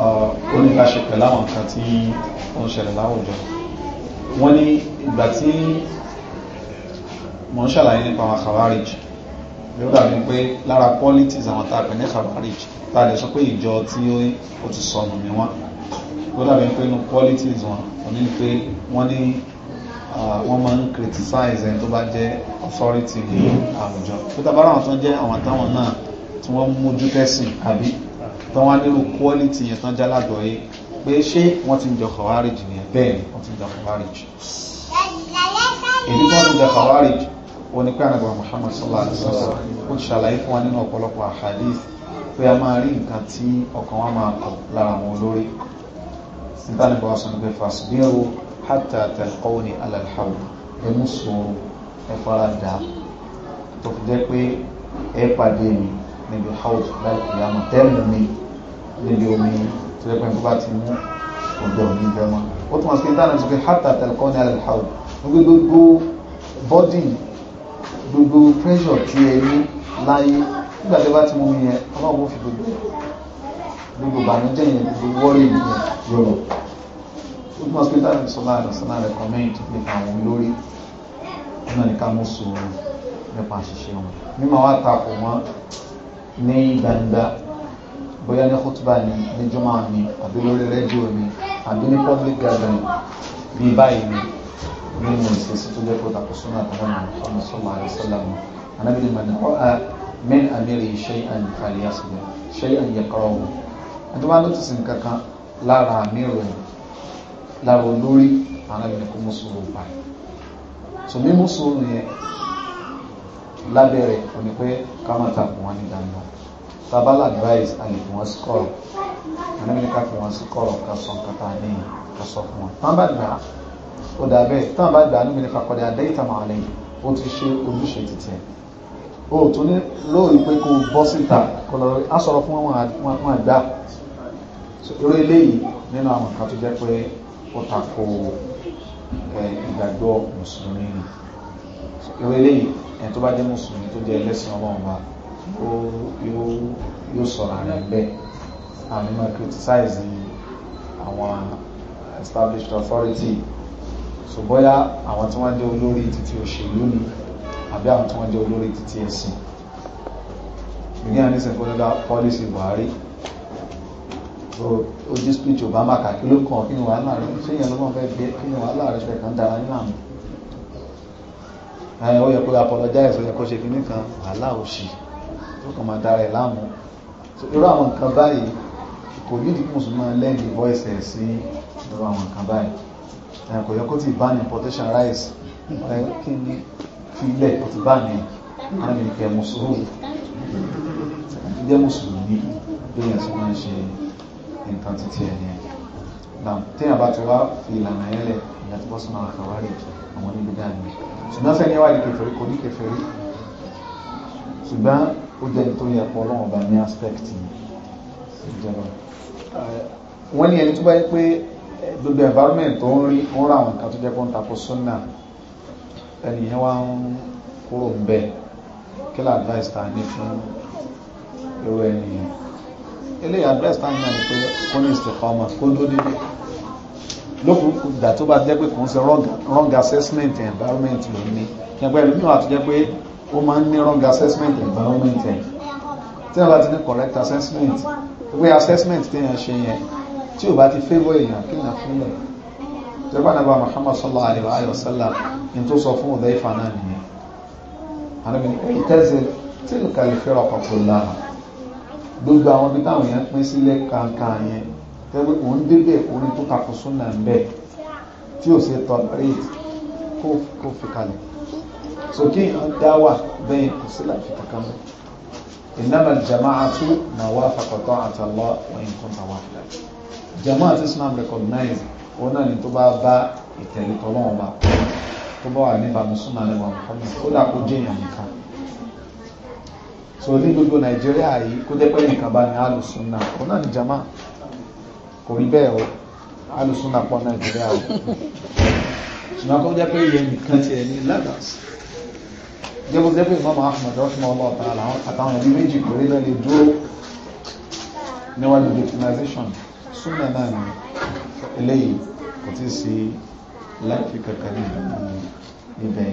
uh, ó ní bá ṣe nǹkan tí ó ń ṣẹlẹ̀ láwùjọ wọ́n ní ìgbà tí mọ̀ ń ṣàlàyé nípa àwọn khawarij ló dàbí pé lára politics àwọn tá a pè ní khawarij tá a lè sọ pé ìjọ tí ó ti sọnù ni wọn ló dàbí pé inú politics wọn ò ní pé wọ́n ní wọ́n máa ń criticize ẹni tó bá jẹ́ authority ní àwùjọ tó tàbára àwọn tó ń jẹ́ àwọn táwọn náà tí wọ́n mójú tẹ́sìn àbí tó wá nínú quality yẹn tán jálàgbọ̀ yìí pé ṣé wọ́n ti ń jọ khawarij nìyẹn bẹ́ẹ̀ ni wọ́n ti ń jọ khawarij èyí tó ń jọ khawarij òní pé ànàbà Muhammad sallallahu alaihi wasallam ó ti ṣàlàyé fún wa nínú ọ̀pọ̀lọpọ̀ àhàdíf pé a máa rí nǹkan tí ọkàn wa máa kọ̀ lára àwọn olórí ìbánibọ̀ wa sọ ní pé fasbiru hatta talqawni ala al-hawd ẹmú sùúrù ẹ fara dà tó fi jẹ́ pé ẹ pàdé mi níbi hawd láìpẹ́ àmọ́ gbogbo bọ́dì gbogbo pressure tí ẹ ní láyé nígbà tí ẹ bá ti mú mi yẹn ọlọ́run ó fi gbogbo gbogbo ìbànújẹ́ yẹn gbogbo wọ́ọ̀rì yẹn yọ̀rọ̀ ó túmọ̀ sí pé táwọn ìṣọ́lá ìṣọ́lá rẹ̀ kọ́mẹ́ǹtì nípa àwọn olórí náà ní ká mú sùúrù nípa àṣìṣe wọn mímọ̀ wá takò wọn ní gbangba bóyá ní kútùbà ní ní jọmọ́ ní àbí lórí rédíò ní àbí ní public gathering bíi báyìí ní nínú ìṣesí tó jẹ́ kóta kó súnà tàbí àwọn sọ́lá àìsọ́lámù anábìlì mọ̀nà ọ́ a mẹ́rin àmìrì ṣe àyìn fàlì àṣìlẹ̀ ṣe àyìn yẹkọrọ wọn ẹni bá lọ́tí sí kankan lára àmìrì lára olórí anábìlì kó mùsùlù pa so mí mùsùlù yẹn lábẹ́rẹ̀ òní pé kámọ́ta kò wọ́n ní dáná tabala advice àlè fún wọn sọ́ọ̀rọ̀ anábìlì ká fún wọn sọ́ọ̀rọ̀ ká sọ nǹkan tá a ní ká sọ fún wọn tán bá gbà á ó dà bẹ́ẹ̀ tán bá gbà níbi nípa kọ̀dẹ̀ àdé ìtàmà àlẹ́ ó ti ṣe ojúṣe títí ẹ̀ ó tó ní lóòrí pé kó bọ́ síta kó lọ á sọ̀rọ̀ fún wọn àgbà orí eléyìí nínú àwọn kan tó jẹ́ pé ó tako ìgbàgbọ́ mùsùlùmí ni orí eléyìí ẹni tó bá jẹ́ mùsùlùmí tó jẹ́ ẹlẹ́sìn ọlọ́run wa yóò sọ̀rọ̀ àrẹ bẹ́ẹ̀ àwọn mímọ̀ criticize àwọn established authority so bóyá àwọn tí wọ́n jẹ́ olórí títí òṣèlú ni àbí àwọn tí wọ́n jẹ́ olórí títí ẹ̀sìn ìgbé àní sẹ́fọ́lọ́dá pọ́lísì Buhari ó jí speech Obama kàkí ló kàn kí ni wàhálà rẹ̀ ṣé èèyàn ló fẹ́ gbé kí ni wàhálà rẹ̀ fẹ́ kàn dára nínú àmì ẹ̀ ó yẹ kó apologize ó yẹ kó ṣe kí nìkan wàhálà òṣì tó kàn máa dára ẹ̀ láàmú irú àwọn nǹkan báyìí kò ní ìdí mùsùlùmí lẹ́yìn voices sí irú àwọn nǹkan báyìí kò yẹ kó ti bá ní importation rice kí ni filẹ̀ kò ti bá ní àmì kẹ mùsùlùmí jẹ́ mùsùlùmí lóyìn tí wọ́n ń ṣe nǹkan títí ẹni náà téèyàn bá ti wá fi ìlànà ẹlẹ̀ ìgbà tí bọ́sùn máa kàwárì àwọn oníbi dáàmì ṣùgbọ́n fẹ́ ní wáyé kèfèrí kò ní kèfèrí ṣùgbọ́n ó jẹ́ tó yẹ pọ̀ lọ́wọ́ bá ní aspect ìjọba wọ́n ní ẹni tó bá pé gbogbo environment tó ń rí ń ra àwọn nǹkan tó jẹ́ pọ́n tako sunna ẹnìyàn wá ń kúrò ń bẹ kí advice ta ní fún irú ẹnìyàn eléyìí advice ta ní náà ni pé kó ní istiqama kó dó dédé lókùn ìgbà tó bá jẹ́ pé kò ń ṣe wrong assessment environment ló ní ẹgbẹ́ ìlú mìíràn àti jẹ́ pé ó máa ń ní wrong assessment environment ẹ̀ tí wọ́n bá ti ní correct assessment gbogbo assessment téèyàn ṣe yẹn tí ò bá ti fẹ́ bọ́ èèyàn kí èèyàn fún lẹ̀ tẹ́gbà náà bá Muhammad sallallahu alaihi wa sallam ní tó sọ fún ọ̀dọ́ ìfà náà nìyẹn àrẹ́bìn ní tẹ́sẹ̀ tí ó kàlẹ̀ fẹ́ ọkọ̀ tó lára gbogbo àwọn bí táwọn èèyàn pín sílẹ̀ kankan yẹn tẹ́gbẹ́ òun débẹ̀ orin tó kakọ súnà ń bẹ̀ tí ò ṣe jamaat islam recognize wọn náà ni tó bá bá ìtẹ̀lé tọ́lọ́wọ́n bá tó bá wà nípa musulma nípa muhammad ó dà kó jẹ́ èèyàn nìkan so ní gbogbo nàìjíríà yìí kó jẹ́ pé nìkan bá ní alùsùnà wọn ni jama kò rí bẹ́ẹ̀ o alùsùnà pọ̀ nàìjíríà o ṣùgbọ́n kó jẹ́ pé iye nìkan tiẹ̀ ní lagos jẹ́bù jẹ́bù imam ahmed rahman allah ta'ala àtàwọn ẹbí méjì kò rí lẹ́lẹ̀ dúró níwájú victimization súnà náà ni eléyìí kò tí sí láìfi kankan níbẹ̀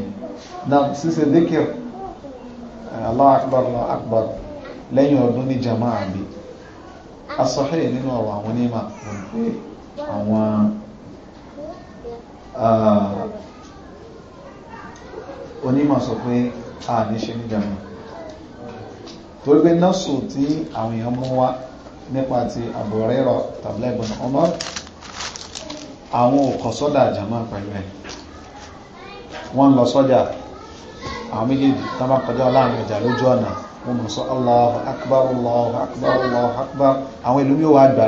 náà ṣíṣe dékìr Allahu akbar akbar lẹ́yìn ọdún ní jama'a bí asọ́hẹ́ nínú ọ̀rọ̀ àwọn onímọ̀ pé àwọn onímọ̀ sọ pé a ní ṣe ní jama'a torí pé nọ́ọ̀sù tí àwọn èèyàn mú wá nípa ti Abu Hurairah tàbí ibn Umar àwọn òkọ̀ sọ́dà àjàmá pẹ̀lú ẹ̀ wọ́n lọ sọ́jà àwọn méjèèjì tán bá kọjá láàrin ọjà lójú ọ̀nà wọ́n mọ̀ sọ Allahu akbar Allahu akbar Allahu akbar àwọn ìlú mi wà gbà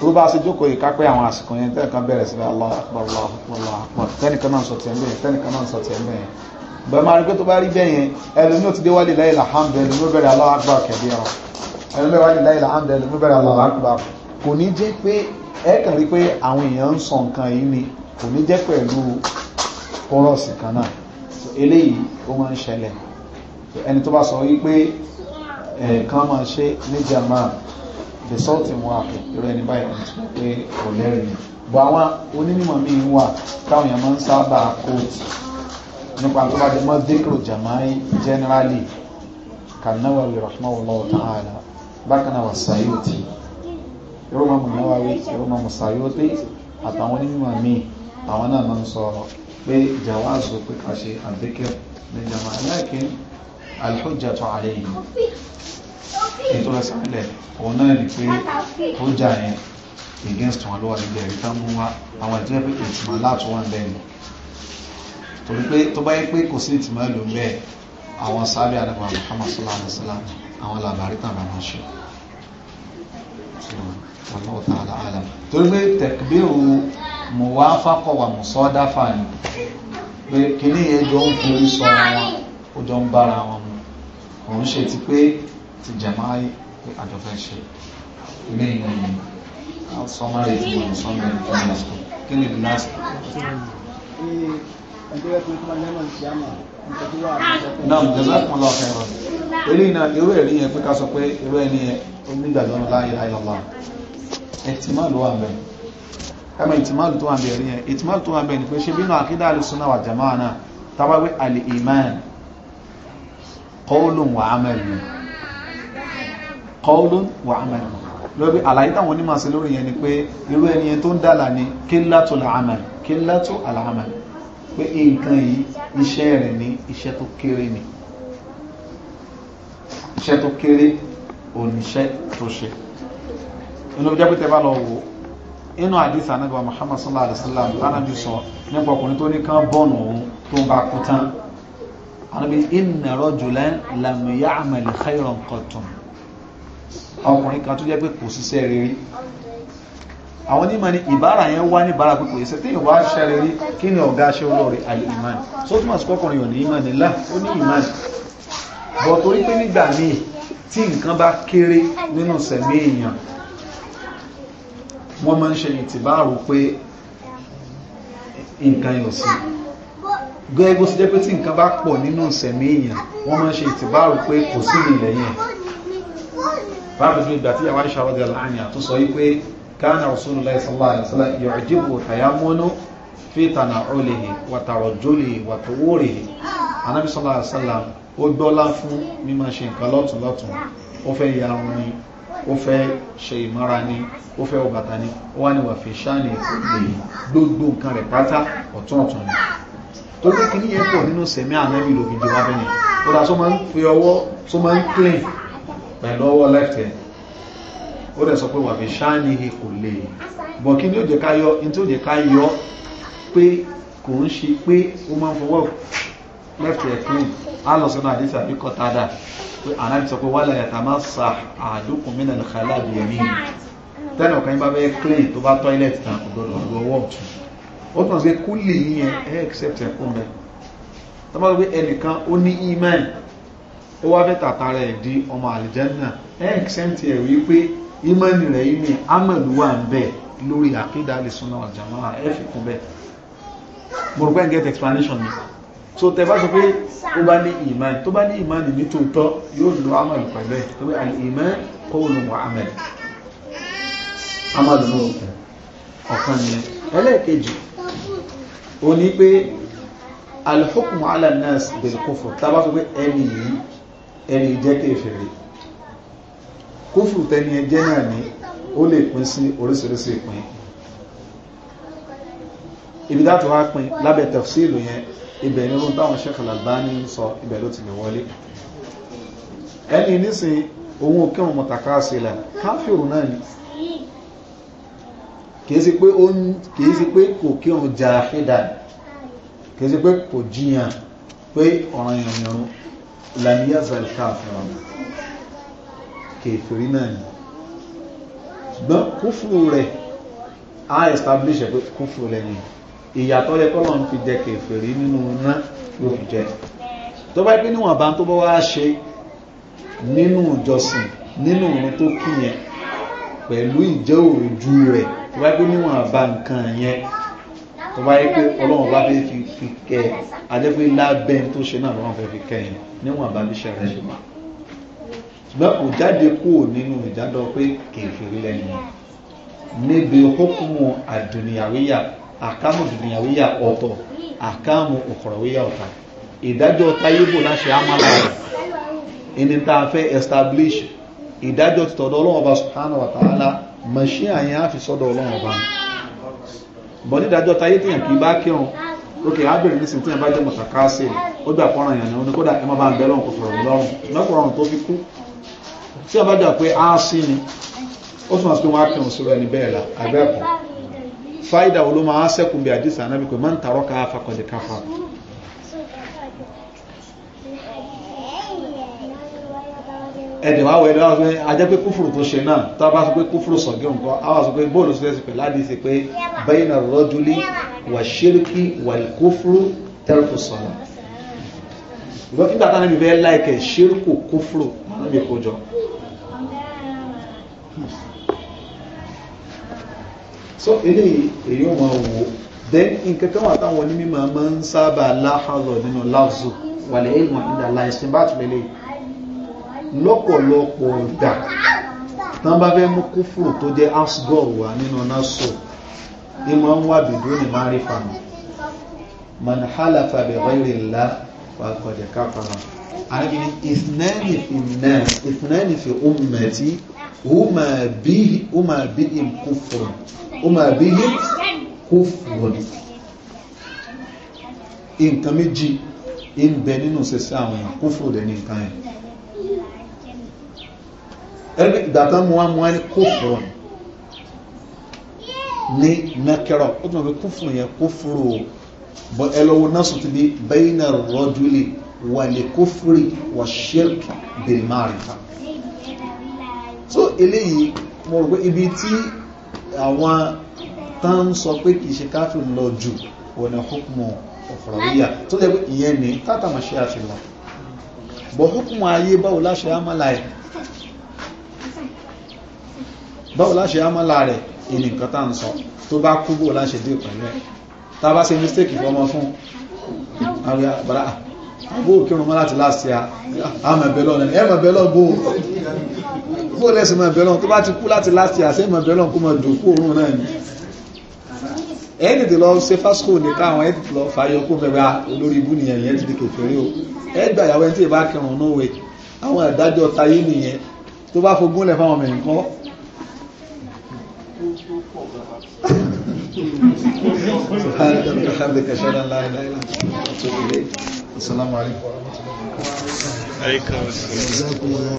tó bá ṣe jókòó yìí kápẹ́ àwọn àsìkò yẹn tẹ́nìkan bẹ̀rẹ̀ sí bá Akbar Allahu Akbar Allahu Akbar tẹ́nìkan náà sọ tiẹ̀ ń bẹ̀yẹn tẹ́nìkan náà sọ tiẹ̀ ń bẹ̀yẹn bẹ́ẹ̀ máa rí pé tó bá rí Akbar kẹ̀dí ẹ̀rọ ẹlòmí wálé láyé làhámbẹ́ ẹlòmí ó bẹ̀rẹ̀ Allahu Akbar kò ní jẹ́ pé ẹ kàn rí pé àwọn èèyàn ń sọ nǹkan yìí ni kò ní jẹ́ pẹ̀lú kọ́rọ̀sì kan náà eléyìí ó the salt in wa kẹ irú ẹni báyìí wọn ti mọ pé kò lẹ́rìí bọ àwọn onímọ̀ míì wà táwọn èèyàn máa ń sábà kóòtù nípa tó bá dé mọ́ dékòrò jàmáì generally kànáwà wí rahmanullah ta'ala bákan náà wà sàyóòtì irú mọ́mù náwà wí irú mọ́mù sàyóòtì àtàwọn onímọ̀ míì àwọn náà máa ń sọ pé jàwáàzù pé kà ṣe àdékẹ́ ní jàmáì láìkí alhujjatu alayhi ètò ẹsẹ̀lẹ̀ òun náà ni pé ó jà yẹn against wọn ló wà níbẹ̀ rí tán mú wá àwọn ìjọba pé ìtumọ̀ láti wọn bẹ́ẹ̀ ni torí pé tó bá yẹ pé kò sí ìtumọ̀ ìlú bẹ́ẹ̀ àwọn sábẹ́ àdàbà Muhammad sallallahu alaihi àwọn làbárí tàbí àwọn ṣe wallahu ta'ala alam torí pé tẹ̀kbíru muwafaqo wa musadafa ni pé kìíní yẹn jọ ń forí sọ wọn ó jọ ń bára wọn mu òun ṣe ti pé ti jẹ̀máyé pé àjọ fẹ́ ṣe lẹ́yìn sọmárì tí wọ́n sọmárì tó ń lọ kí ni the last. náà jazakumullahu khairan eléyìí náà irú ẹ̀rí yẹn pé ká sọ pé irú ẹni yẹn onígbàgbọ́ la ilaha illallah ihtimal wà bẹ́ẹ̀ kama ihtimal tó wà bẹ́ẹ̀ rí yẹn ihtimal tó wà bẹ́ẹ̀ ni pé ṣe bínú àkídà al-sunnah wal jamā'ah náà tàbí al-iman qawlun wa 'amalun kọ́ọ̀lù wà àmàlù lórí àlàyé táwọn onímọ̀ sí lórí yẹn ni pé irú ẹni yẹn tó ń dàlà ni kílátò làámàlù kílátò àlàámàlù pé nǹkan yìí iṣẹ́ rẹ̀ ní iṣẹ́ tó kéré ni iṣẹ́ tó kéré oníṣẹ́ tó ṣe inú bí jápẹ́tẹ́ bá lọ wò inú àdìsá nígbà Muhammad sallallahu alaihi wasallam tánàbí sọ nípa ọkùnrin tó ní kán bọ́ọ̀nù òun tó ń bá kú tán ànábi inna rajulan lam ya'mal khayran qatun ọkùnrin kan tó jẹ́ pé kò ṣiṣẹ́ rere àwọn onímọ̀ ni ìbára yẹn wá ní ìbára pé kò ṣe tí ìwà ṣe rere kí ni ọ̀gá ṣe olóore àìmán so túmọ̀ sí kọkùnrin ò ní ìmán nílá ó ní ìmán bọ̀ torí pé nígbà míì tí nǹkan bá kéré nínú sẹ̀mí èèyàn wọ́n máa ń ṣe ìtìbáàrò pé nǹkan yóò sí gẹ́gẹ́ bó ṣe jẹ́ pé tí nǹkan bá pọ̀ nínú sẹ̀mí èèyàn wọ́n máa ń ṣe ìtìbáàrò pé kò sí ilẹ̀ yẹn báwo ni ìgbà tí àwọn Aisha radiyallahu anha tó sọ wípé kana Rasulullahi sallallahu alaihi wasallam yu'jibu tayamunu fi tana'ulihi wa tarajjulihi wa tuwurihi anábì sallallahu alaihi wasallam ó gbọ́lá fún mímọ̀ ṣe nǹkan lọ́tún lọ́tún ó fẹ́ ya wọn ni ó fẹ́ ṣe ìmọ́ra ni ó fẹ́ ọbàtà ni ó wá ní wà fi ṣáàni lè gbogbo nǹkan rẹ̀ pátá ọ̀tún ọ̀tún ni tó gbé kí ní ẹ̀pọ̀ nínú sẹ̀mí ànábì lòfin bẹ́ẹ̀ ni ó dá só máa ń fi ọwọ́ só máa ń clean pẹ̀lú ọwọ́ left hand ó dẹ̀ sọ pé wà fi ṣáàní kò lè bọ̀ kí ni ó jẹ́ ká yọ ní tí ó jẹ́ ká yọ pé kò ń ṣe pé ó máa ń fọwọ́ left hand clean á lọ sọ́nà àdísà bí kọ̀tádà pé ànábi sọ pé wà láyà tá máa sa àdókùn mí nàlẹ́ kálá bí ẹ̀mí tẹ́lẹ̀ ọ̀kan yín bá bẹ́ẹ̀ clean tó bá toilet tán kò gbọdọ̀ lu ọwọ́ ọ̀tún ó tàn sí kúlì yín ẹ̀ except ẹ̀kún bẹ́ẹ̀ tọ́mọ́ pé ẹnìkan ó ní email ó wá fẹ́ tàta rẹ̀ di ọmọ àlìjẹ́nà except ẹ̀ wípé ìmọ̀nì rẹ̀ yìí ni amẹ̀lú wà ń bẹ̀ lórí àkídà àlìsúnà àjàmọ́ ẹ̀ fi kún bẹ́ẹ̀ mo rò pé n get explanation mi so tẹ bá sọ pé ó bá ní ìmọ̀nì tó bá ní ìmọ̀nì ní tòótọ́ yóò lo amẹ̀lú pẹ̀lú ẹ̀ tó bá àlì ìmọ̀ kó o lò wọ amẹ̀lú amẹ̀lú náà ọ̀kan nìyẹn ẹlẹ́ẹ̀kejì ó ní pé alhukumu ala nas bil tá a bá sọ pé ẹni yìí ẹni jẹ́ kèfèrí kúfù tẹni ẹjẹ́ náà ní ó lè pín sí oríṣiríṣi ìpín ibi dáàtò wá pín lábẹ́ tafsilu yẹn ibẹ̀ ní orún táwọn Sheikh Al-Albani ń sọ ibẹ̀ ló ti lè wọlé ẹni nísìn ohun òkè ọmọ tàkásílà káfíòrù náà ni kìí sí pé kò kí òun jà fídà kìí sí pé kò jiyàn pé ọ̀ràn ìrìnrìn lamiyazal káfíra kèfèrí náà ni ṣùgbọ́n kúfùrù rẹ̀ a establish ẹ̀ pé ni ìyàtọ̀ rẹ̀ kọ́lọ̀ ń fi jẹ kèfèrí nínú iná ló fi jẹ tó bá pín níwọ̀n bá tó bọ́ wá ṣe nínú ìjọsìn nínú ìrun tó kí yẹn pẹ̀lú ìjẹ́ òòjú rẹ̀ tó bá pín níwọ̀n bá nǹkan yẹn tó bá yẹ pé ọlọ́run bá fẹ́ fi kẹ́ adẹ́pẹ́ lábẹ́ tó ṣe náà lọ́wọ́n fẹ́ fi kẹ́yìn níwọ̀n bá bí ṣẹ̀rẹ̀ ṣe máa ṣùgbọ́n kò jáde kúrò nínú ìdádọ́ pé kèfèrí lẹ́nu níbi hukumu àdùnìyàwíyà àkámù dùnìyàwíyà ọ̀tọ̀ àkámù òkọ̀rọ̀wíyà ọ̀tọ̀ ìdájọ́ táyébò láṣẹ àmàlà rẹ̀ ẹni tá a fẹ́ establish ìdájọ́ títọ̀dọ̀ ọlọ́run ọba subhanahu wa ta'ala mọ̀ṣí àyàn àfi sọ́dọ̀ ọlọ́run ọba ni bọ̀ nídàájọ́ táyé téèyàn kì í bá kírun lókè ábẹ̀rẹ̀ nísìn téèyàn bá jẹ́ mọ̀tàkásì ó gbà pọ́nrán èèyàn ni ó ní kódà ẹ má bá ń bẹ́ lọ́rùn kò sọ̀rọ̀ lọ́rùn lọ́kùnrin tó fi kú tí a bá gbà pé áásí ni ó túnmọ̀ sí wọ́n á kírun sílẹ̀ ní bẹ́ẹ̀ la àgbẹ̀kùn fáìdà wo ló máa ń sẹ́kùn bí àdìsá náà bí pé máa ń tarọ́ ká fakọ̀dé káfà ẹ̀dẹ̀ wá wẹ̀ lọ́wọ́ pé ajẹ́ pé kúfùrù tó ṣe náà tó bá sọ pé kúfùrù sọ̀gí nǹkan sọ pé bóòlù sí ẹsẹ̀ pẹ̀lú àdìsí pé bẹ́yìnà rọ́júlí wà ṣíríkì wà kúfùrù tẹ́rùkù sọ̀rọ̀ nígbà táwọn ẹbí kúfùrù so eléyìí èyí ò máa wò then nǹkan kan wà táwọn onímọ̀ máa ń sábà nínú wà lọ́pọ̀lọpọ̀ ọ̀dà tán bá fẹ́ mú kúfùrù tó jẹ́ asgore wà nínú naso ìmọ̀ ń wà bìdó ní mari fàmì man halafa bi ghayri Allah wa qad kafara àbí ìfìnẹ́ni ìfìnẹ́ ìfìnẹ́ni fi ummati huma bihi huma méjì ń bẹ nínú sẹsẹ àwọn kúfùrù dẹ̀ ní nǹkan yẹn ẹgbẹ́ ìgbàtán mú wọn mú wọn ní kófùrù ní nẹ́kẹ́rọ̀ ó túnmọ̀ pé kófùrù yẹn kófùrù bọ́ ẹlọ́wọ́ náà sùn ti bí bẹ́yìnà rọ́júlì wà lè ta so eléyìí mo rò pé ibi tí àwọn tán sọ pé kì í ṣe káfí lọ jù wọn ni hukumu ọ̀fọ̀rọ̀wíyà tó jẹ́ pé ìyẹn ní tátàmà ṣe àṣìlọ bọ̀ hukumu ayé báwo láṣẹ àmàlà ẹ̀ báwo láṣe ámọ́lá rẹ̀ ìní nǹkan tá ń sọ tó bá kú bó láṣe dé pẹ̀lú ẹ̀ tá bá ṣe mistake fọmọ fún àríyàbára àbó òkèrùn láti láti àmẹ̀bẹ̀lọ́n ẹ̀ mẹ̀bẹ̀lọ́n bó bó lẹ́sì mẹ̀bẹ̀lọ́n tó bá ti kú láti láti àṣẹ mẹ̀bẹ̀lọ́n kó mọ̀ dòkú òun náà ni ẹ̀yìn tètè lọ ṣe fásitì ní káwọn ẹ̀ tètè lọ fàyọ kó bẹ̀rẹ̀ olórí ibú nìyẹn yẹn ti di kèfèrí o ẹ̀ gbà yàwó ẹ̀ tí ì bá kẹrùn náà wẹ̀ àwọn ìdájọ́ tayé nìyẹn tó bá fogún lẹ̀ سبحانك اللهم وبحمدك اشهد ان لا اله الا انت استغفرك اليك السلام عليكم ورحمه الله وبركاته السلام